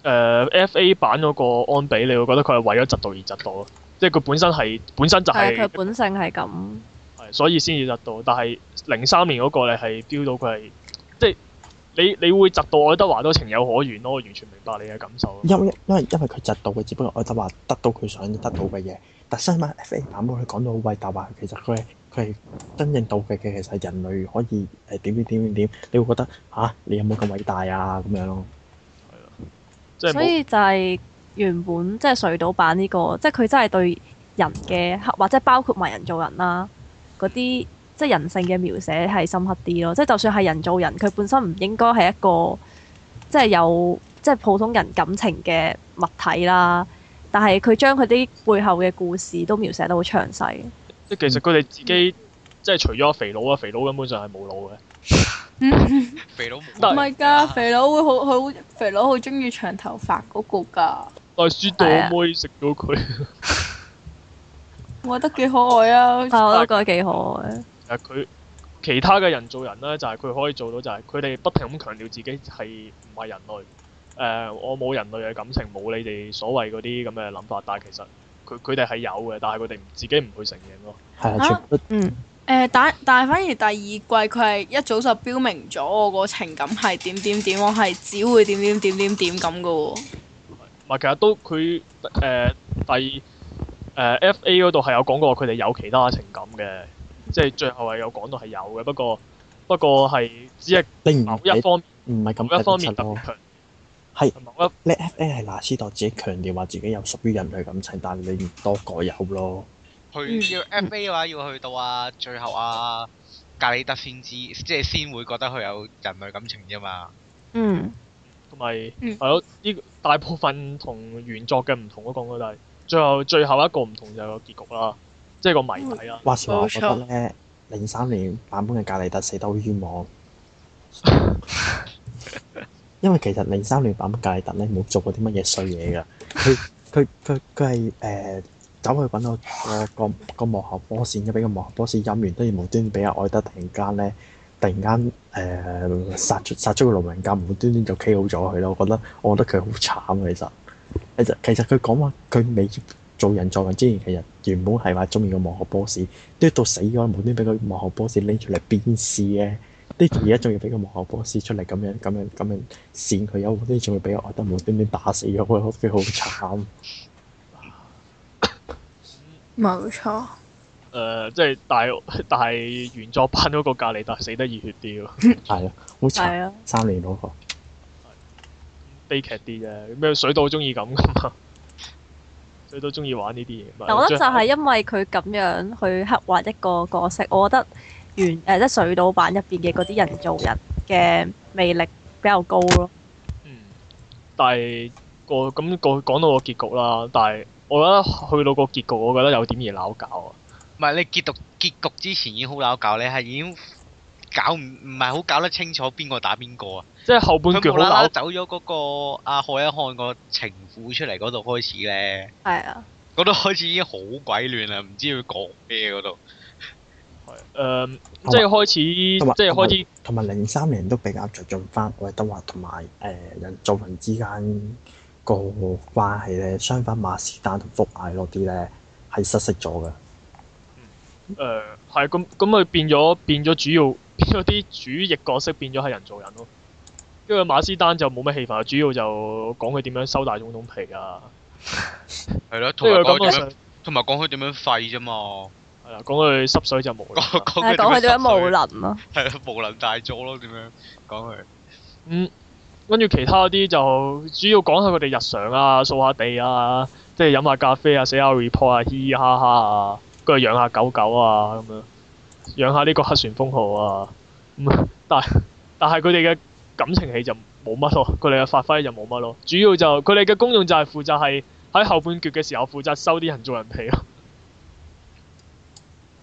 呃，F A 版嗰個安比，你會覺得佢係為咗窒到而窒到咯，即係佢本身係本身就係、是、佢、啊、本性係咁係，所以先至窒到。但係零三年嗰個你係飆到佢係即係。你你會窒到愛德華都情有可原咯，我完全明白你嘅感受。因因為因為佢窒到嘅只不過愛德華得到佢想得到嘅嘢，但係呢，F 版冇佢講到好偉大啊，其實佢佢係真正到極嘅，其實人類可以係點、呃、點點點點，你會覺得嚇、啊、你有冇咁偉大啊咁樣咯。係啊，就是、所以就係原本即係、就是、隧道版呢、這個，即係佢真係對人嘅或者包括埋人做人啦嗰啲。即係人性嘅描寫係深刻啲咯，即係就算係人造人，佢本身唔應該係一個即係有即係普通人感情嘅物體啦。但係佢將佢啲背後嘅故事都描寫得好詳細。即係其實佢哋自己即係除咗肥佬啊，肥佬根本上係冇腦嘅。肥佬唔係㗎，肥佬會好好，肥佬好中意長頭髮嗰個㗎。戴師弟可唔可以食到佢、啊？我覺得幾可愛但 啊！我都覺得幾可愛。誒，佢其他嘅人造人咧，就係、是、佢可以做到就係佢哋不停咁強調自己係唔係人類誒、呃，我冇人類嘅感情，冇你哋所謂嗰啲咁嘅諗法，但係其實佢佢哋係有嘅，但係佢哋自己唔去承認咯。係啊，嗯呃、但但係反而第二季佢係一早就標明咗我個情感係點點點，我係只會點點點點點咁噶喎。唔係，其實都佢誒、呃、第誒 F A 嗰度係有講過佢哋有其他情感嘅。即係最後係有講到係有嘅，不過不過係只係某一方面唔係咁密切咯。係，同埋你 FA 係拿斯托自己強調話自己有屬於人類感情，但係你唔多改有咯。佢、嗯、要 FA 嘅、啊、話要去到啊最後啊，格里德先知，即係先會覺得佢有人類感情啫嘛。嗯，同埋係咯，呢、嗯、大部分同原作嘅唔同都講到，但係最後最後一個唔同就係結局啦。即係個謎底啦。話時話我覺得咧，零三年版本嘅格雷特死得好冤枉，因為其實零三年版本格雷特咧冇做過啲乜嘢衰嘢噶，佢佢佢佢係誒走去揾個個個幕後波線嘅，俾個幕後波線飲完，都要無端俾阿愛德突然間咧，突然間誒殺出殺出個農民甲，無端端就 KO 咗佢咯。我覺得我覺得佢好慘啊，其實其實其實佢講話佢未。做人作人之前人，其實原本係話中意個幕後 boss，都到死嘅話無端端俾個幕後 boss 拎出嚟鞭屍。嘅，拎住而家仲要俾個幕後 boss 出嚟咁樣咁樣咁樣扇佢，有無端端仲要俾我得無端端打死咗，我覺得好慘。冇錯。誒、uh,，即係大大原作班嗰個隔籬但係死得熱血啲咯。係 啊，好慘。啊的。三年老婆。悲劇啲啫，咩水都好中意咁噶嘛。 佢都中意玩呢啲嘢。嗱，我覺得就係因為佢咁樣去刻畫一個角色，我覺得原誒即係水島版入邊嘅嗰啲人造人嘅魅力比較高咯。嗯，但係個咁個，個講到個結局啦，但係我覺得去到個結局，我覺得有點嘢撈搞啊。唔係、嗯、你結讀結局之前已經好撈搞，你係已經。搞唔唔係好搞得清楚邊個打邊個啊！即係後半段啦，走咗嗰個阿賀一漢個情婦出嚟嗰度開始咧。係啊！嗰度開始已經好鬼亂啦，唔知佢講咩嗰度。係誒，即係開始，即係開始，同埋零三年都比較着重翻魏德華同埋誒人造人之間個關係咧。相反，馬思丹同福藝嗰啲咧係失色咗嘅。誒係咁咁佢變咗變咗主要。因為啲主役角色變咗係人造人咯，跟住馬斯丹就冇咩戲份，主要就講佢點樣收大總統皮啊，係咯， 同埋講佢同埋講佢點樣廢啫嘛，係啦， 講佢濕水就冇，係講佢點樣冇能啊？係啦，冇能大作咯，點樣講佢？嗯，跟住其他嗰啲就主要講下佢哋日常啊，掃下地啊，即係飲下咖啡啊，寫下 report 啊，嘻嘻哈哈啊，跟住養下狗狗啊咁樣。養下呢個黑旋風號啊！嗯、但係但係佢哋嘅感情戲就冇乜咯，佢哋嘅發揮就冇乜咯。主要就佢哋嘅功用就係負責係喺後半決嘅時候負責收啲人做人皮咯，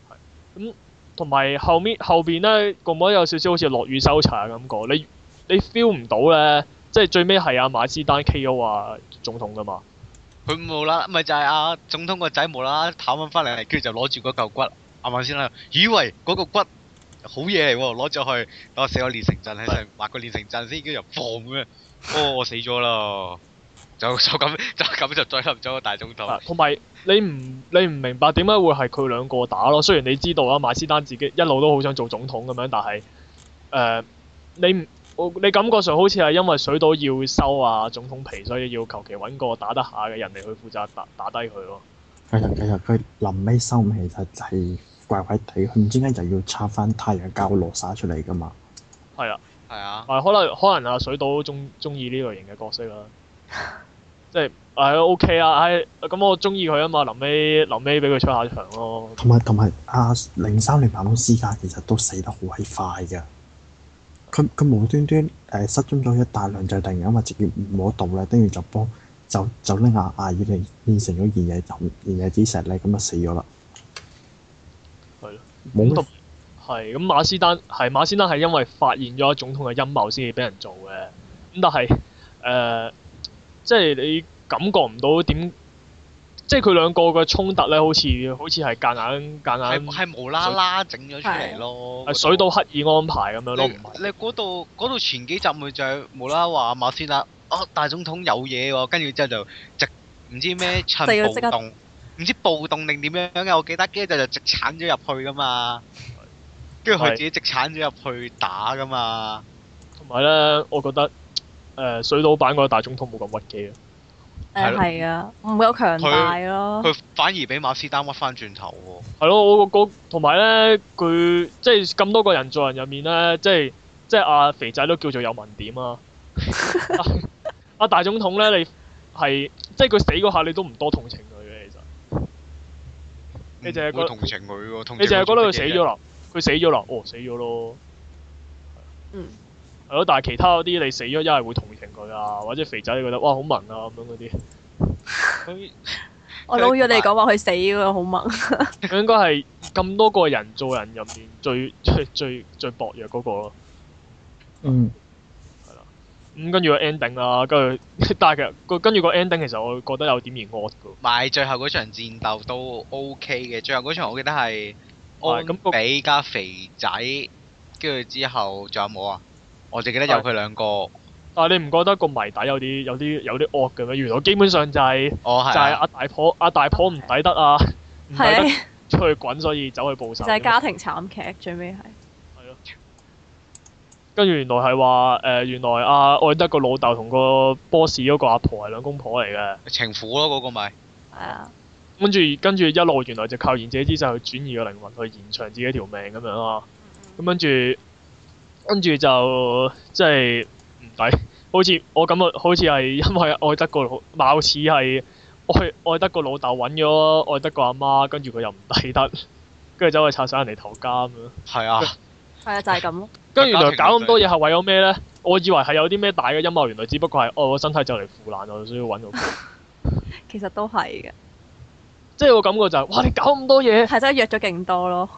啊。咁同埋後面後邊咧，個幕有少少好似落雨收柴嘅感覺。你你 feel 唔到呢？即係最尾係阿馬斯丹 K.O.、就是、啊，總統㗎嘛？佢冇啦，咪就係阿總統個仔冇啦啦跑咁返嚟，跟住就攞住嗰嚿骨。啱先啦，以為嗰個骨好嘢嚟喎，攞咗去，去，去的個、哦，我死我煉成陣喺上，畫個煉成陣先，跟住防嘅，哦，我死咗啦，就就咁就咁就再入咗個大總統。同埋你唔你唔明白點解會係佢兩個打咯？雖然你知道啊，馬斯丹自己一路都好想做總統咁樣，但係誒、呃、你我你感覺上好似係因為水島要收啊總統皮，所以要求其揾個打得下嘅人嚟去負責打打低佢囉。係啊係啊，佢臨尾收唔起就係。怪怪哋，佢唔知點解就要插翻太陽教羅莎出嚟㗎嘛？係啊，係啊可，可能可能阿水島鍾鍾意呢類型嘅角色啦， 即係誒、哎、OK 啊，唉、哎，咁我鍾意佢啊嘛，臨尾臨尾俾佢出下場咯。同埋同埋阿零三年馬公斯加其實都死得好鬼快㗎，佢佢無端端誒、呃、失蹤咗一啖糧就突然間咪直接唔冇得到啦，跟住就幫就就拎阿阿爾尼變成咗賢者同賢者之石咧，咁就死咗啦。懵同，係咁馬斯丹係馬斯丹係因為發現咗總統嘅陰謀先至俾人做嘅，咁但係誒、呃，即係你感覺唔到點，即係佢兩個嘅衝突咧，好似好似係夾硬，夾硬，硬，係係無啦啦整咗出嚟咯。啊、水到刻意安排咁樣咯、啊。你嗰度嗰度前幾集咪就係無啦啦話馬斯丹啊大總統有嘢喎，跟住之後就直唔知咩趁暴，暴動。唔知暴動定點樣嘅，我記得，跟住就直鏟咗入去噶嘛，跟住佢自己直鏟咗入去打噶嘛。同埋咧，我覺得誒、呃，水佬版嗰個大總統冇咁屈機、嗯、啊。係啊，唔會有強大咯。佢反而比馬斯丹屈翻轉頭喎。係咯，我嗰同埋咧，佢即係咁多個人造人入面咧，即係即係阿肥仔都叫做有文點啊。阿大總統咧，你係即係佢死嗰下，你都唔多同情。你淨係覺得同情佢喎、哦，同情你淨係覺得佢死咗啦，佢死咗啦，哦，死咗咯。嗯。係咯，但係其他嗰啲你死咗一係會同情佢啊，或者肥仔你覺得哇好萌啊咁樣嗰啲。我老咗你講話佢死咗，好萌、啊！佢應該係咁多個人做人入面最最最最薄弱嗰個咯。嗯。咁跟住個 ending 啦，跟住，但係其實個跟住個 ending 其實我覺得有點兒 odd 嘅，咪最後嗰場戰鬥都 OK 嘅，最後嗰場我記得係咁比加肥仔，跟住、那個、之後仲有冇啊？我淨記得有佢兩個。但你唔覺得個迷底有啲有啲有啲 odd 嘅咩？原來基本上就係、是哦、就係阿大婆阿大婆唔抵得啊，唔抵得出去滾，所以走去報仇。 就係家庭慘劇最尾係。跟住原來係話誒，原來阿、啊、愛德爸爸個老豆同個 boss 嗰個阿婆係兩公婆嚟嘅情婦咯，嗰個咪係啊。那個、啊跟住跟住一路原來就靠賢者之石去轉移個靈魂去延長自己條命咁樣咯、啊。咁跟住跟住就即係唔抵，好似我感覺啊，好似係因為愛德個貌似係愛愛德個老豆揾咗愛德個阿媽，跟住佢又唔抵得，跟住走去拆散人哋頭家咁樣。係啊。 係啊、哎，就係咁咯。跟住原來搞咁多嘢係為咗咩咧？我以為係有啲咩大嘅陰謀，原來只不過係哦，我身體就嚟腐爛，我就需要揾佢。 其實都係嘅。即係我感覺就係、是，哇！你搞咁多嘢，係真係約咗勁多咯。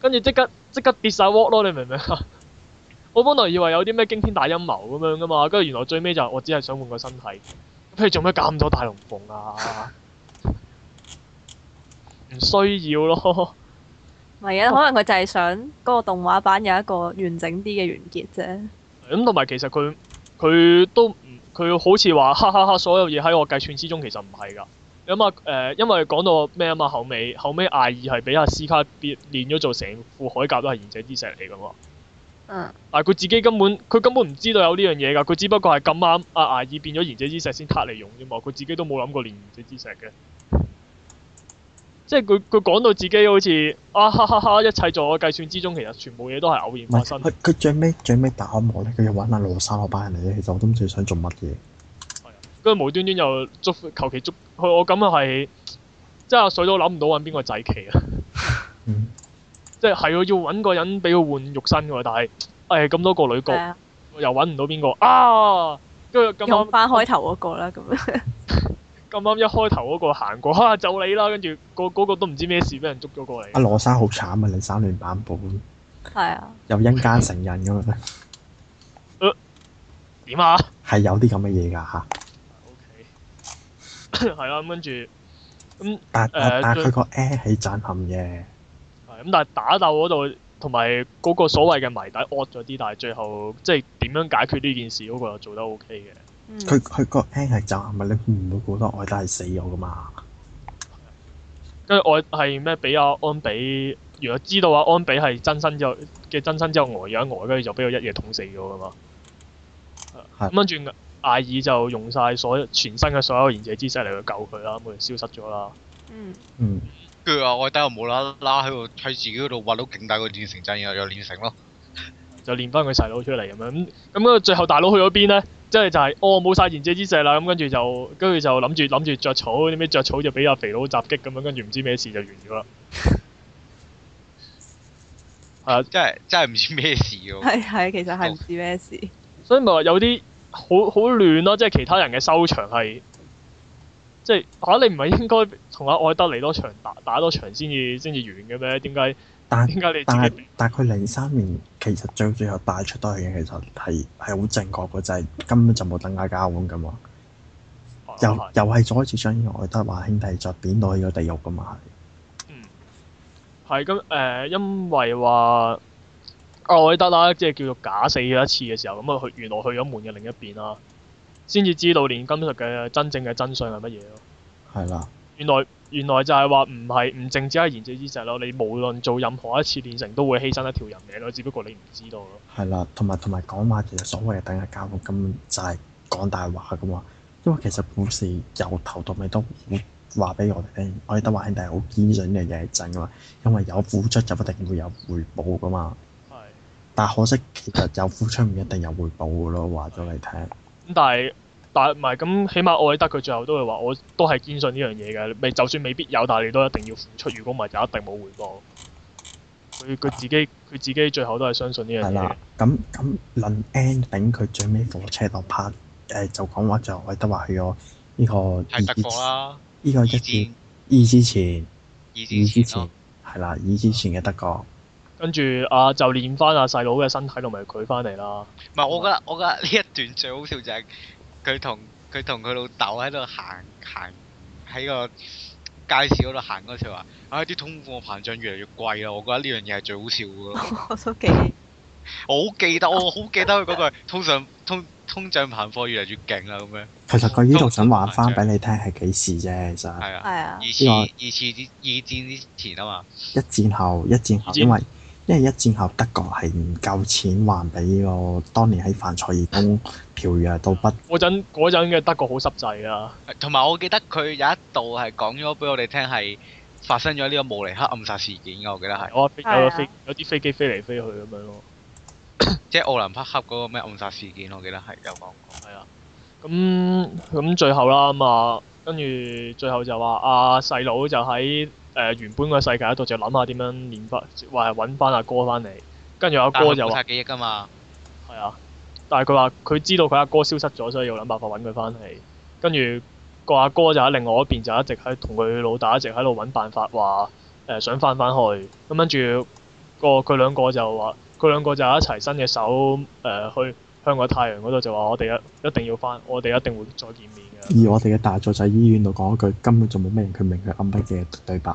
跟住即刻即刻跌晒鑊咯，你明唔明啊？ 我本來以為有啲咩驚天大陰謀咁樣噶嘛，跟住原來最尾就我只係想換個身體。譬如做咩搞咁多大龍鳳啊？唔 需要咯。唔係啊，可能佢就係想嗰個動畫版有一個完整啲嘅完結啫。咁同埋其實佢佢都佢、嗯、好似話哈，哈哈哈，所有嘢喺我計算之中其實唔係噶。咁啊誒，因為講、呃、到咩啊嘛，後尾後尾艾爾係俾阿斯卡變練咗做成副海甲都係賢者之石嚟噶嘛。嗯。但係佢自己根本佢根本唔知道有呢樣嘢噶，佢只不過係咁啱阿艾爾變咗賢者之石先撻嚟用啫嘛。佢自己都冇諗過練賢者之石嘅。即係佢佢講到自己好似啊哈哈哈，一切在我計算之中，其實全部嘢都係偶然發生。唔係，佢最尾最尾打我咧，佢又揾阿羅莎羅人嚟嘅，其實我都唔知想做乜嘢。係啊，跟住無端端又捉求其捉，佢我咁樣係，即係阿水都諗唔到揾邊個祭旗啊！ 嗯、即係我要揾個人俾佢換肉身嘅喎，但係誒咁多個女角的我又揾唔到邊個啊！跟住咁用翻開頭嗰個啦咁樣。 啱啱一開頭嗰個行過，吓，就你啦，跟住個嗰個都唔知咩事，俾人捉咗過嚟。阿羅生好慘啊，你三亂版本，係啊，又因姦成孕咁樣。點啊？係有啲咁嘅嘢噶吓。O K，係啦，跟住咁。但但佢個 A 係震撼嘅。咁，但係打鬥嗰度同埋嗰個所謂嘅謎底惡咗啲，但係最後即係點樣解決呢件事嗰個又做得 O K 嘅。佢佢、嗯、個 h a n 係走，唔係你唔會覺得愛德係死咗噶嘛？跟住愛係咩？俾阿安比，如果知道阿安比係真身之後嘅真身之後呆咗一呆，跟住就俾佢一夜捅死咗噶嘛？咁樣轉，艾爾就用晒所全身嘅所有賢者之石嚟去救佢啦，咁佢消失咗啦。嗯嗯，跟住阿愛德又冇啦啦喺度喺自己嗰度挖到勁大嘅煉成陣，然後又煉成咯， 就煉翻佢細佬出嚟咁樣。咁咁最後大佬去咗邊咧？即係就係哦，冇晒賢者之石啦，咁跟住就跟住就諗住諗住著草，點咩著草就俾阿肥佬襲擊咁樣，跟住唔知咩事就完咗啦。係、 啊，真係真係唔知咩事噶、啊。係係， 其實係唔知咩事。哦、所以咪話有啲好好亂咯、啊，即係其他人嘅收場係即係吓，你唔係應該同阿愛德嚟多場打打多場先至先至完嘅咩？點解？但你但係但係大概零三年其實最最後帶出多嘅，其實係係好正確嘅，就係根本就冇等價交換嘅嘛。又又係再一次上演愛德華兄弟作扁到去個地獄嘅嘛。嗯，係咁誒，因為話愛德啦，即係叫做假死咗一次嘅時候，咁啊去原來去咗門嘅另一邊啦，先至知道煉金術嘅真正嘅真相係乜嘢咯。係啦的，原來。原來就係話唔係唔淨只係賢者之石咯，你無論做任何一次煉成都會犧牲一條人命咯，只不過你唔知道咯。係啦，同埋同埋講話其實所謂嘅等價交換根本就係講大話噶嘛，因為其實故事由頭到尾都話俾我哋聽，愛德華兄弟好堅信呢樣嘢係真噶嘛，因為有付出就一定會有回報噶嘛。係。是的 但可惜其實有付出唔一定有回報噶咯，話咗你聽。咁但係。但唔係咁，起碼愛德佢最後都係話，我都係堅信呢樣嘢嘅。未就算未必有，但係你都一定要付出。如果唔係，就一定冇回報。佢佢自己佢自己最後都係相信呢樣嘢。係、呃這個、啦，咁咁論 ending 佢最尾火車落 part 誒，就講話就愛德話去咗呢個二戰二戰之前二戰之前係啦，二戰之前嘅、哦、德國。跟住啊，就練翻阿細佬嘅身體同埋佢翻嚟啦。唔係我覺得我覺得呢一段最好笑就係、是。佢同佢同佢老豆喺度行行喺個街市嗰度行嗰時話，啊、哎，啲通貨膨脹越嚟越貴咯，我覺得呢樣嘢係最好笑咯。我都記，我好記得，我好記得佢嗰句，通常通通脹膨貨越嚟越勁啦。咁樣其實佢呢度想話返俾你聽係幾時啫，其實。係啊。係啊。二次二次二戰之前啊嘛。一戰後，一戰後，前因為。因為一戰後德國係唔夠錢還俾呢個當年喺凡爾賽宮條約，都不？嗰陣嗰陣嘅德國好濕滯啦，同埋我記得佢有一度係講咗俾我哋聽係發生咗呢個慕尼黑暗殺事件嘅，我記得係。有啲飛，飛機飛嚟飛去咁樣咯， 即係奧林匹克嗰個咩暗殺事件，我記得係有講過。係 啊，咁咁最後啦嘛，跟住最後就話阿細佬就喺。誒、呃、原本嗰個世界嗰度就諗下點樣連翻，話揾翻阿哥翻嚟，跟住阿哥就話記憶㗎嘛，係啊，但係佢話佢知道佢阿哥消失咗，所以要諗辦法揾佢翻嚟。跟住個阿哥就喺另外一邊就一直喺同佢老豆一直喺度揾辦法話誒、呃、想翻翻去。咁跟住個佢兩個就話佢兩個就一齊伸隻手誒、呃、去。香港太陽嗰度就話：我哋一一定要翻，我哋一定會再見面嘅。而我哋嘅大作就喺醫院度講一句，根本就冇咩人，佢明佢暗筆嘅對白，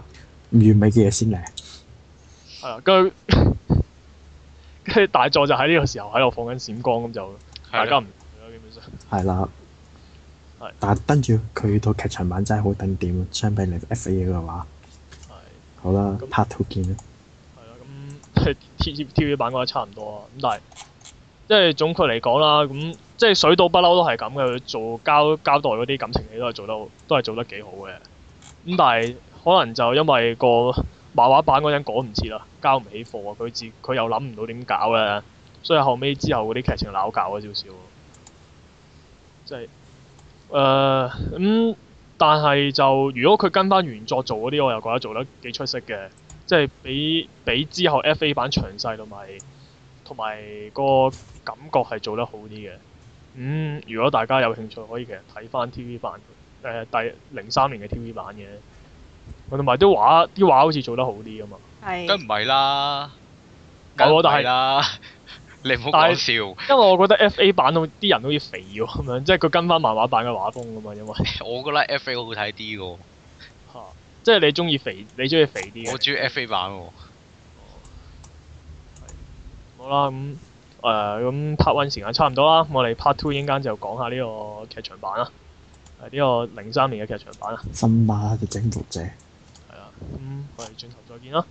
唔完美嘅嘢先嚟。係啊，跟住跟住大作就喺呢個時候喺度放緊閃光，咁就大家唔係啦。係啦是的，係的， 的但係跟住佢個劇場版真係好頂點相比嚟 F 四嘅話，係好啦，拍圖見啦。係啦，咁 T T V 版覺得差唔多啊，咁但係。但即係總括嚟講啦，咁、嗯、即係水島不嬲都係咁嘅。做交交代嗰啲感情戲都係做得都係做得幾好嘅。咁、嗯、但係可能就因為個漫畫版嗰陣趕唔切啦，交唔起貨啊，佢自佢又諗唔到點搞咧，所以後尾之後嗰啲劇情攪搞咗少少。即係誒咁，但係就如果佢跟翻原作做嗰啲，我又覺得做得幾出色嘅。即係比比之後 F A 版詳細，同埋同埋個。感覺係做得好啲嘅，咁、嗯、如果大家有興趣，可以其實睇翻 TV 版，誒、呃、第零三年嘅 TV 版嘅，同埋啲畫，啲畫好似做得好啲㗎嘛，梗唔係啦，梗係啦，你唔好講笑，因為我覺得 FA 版好。啲人好似肥咗咁樣，即係佢跟翻漫畫版嘅畫風啊嘛，因 為我覺得 FA 好睇啲喎， 即係你中意肥，你中意肥啲，我中意 FA 版喎、哦，好啦咁。嗯誒咁、嗯、part one 時間差唔多啦，我哋 part two 依家就講下呢個劇場版啦，係、這、呢個零三年嘅劇場版啊，森巴嘅征服者係啦，咁我哋轉頭再見啦。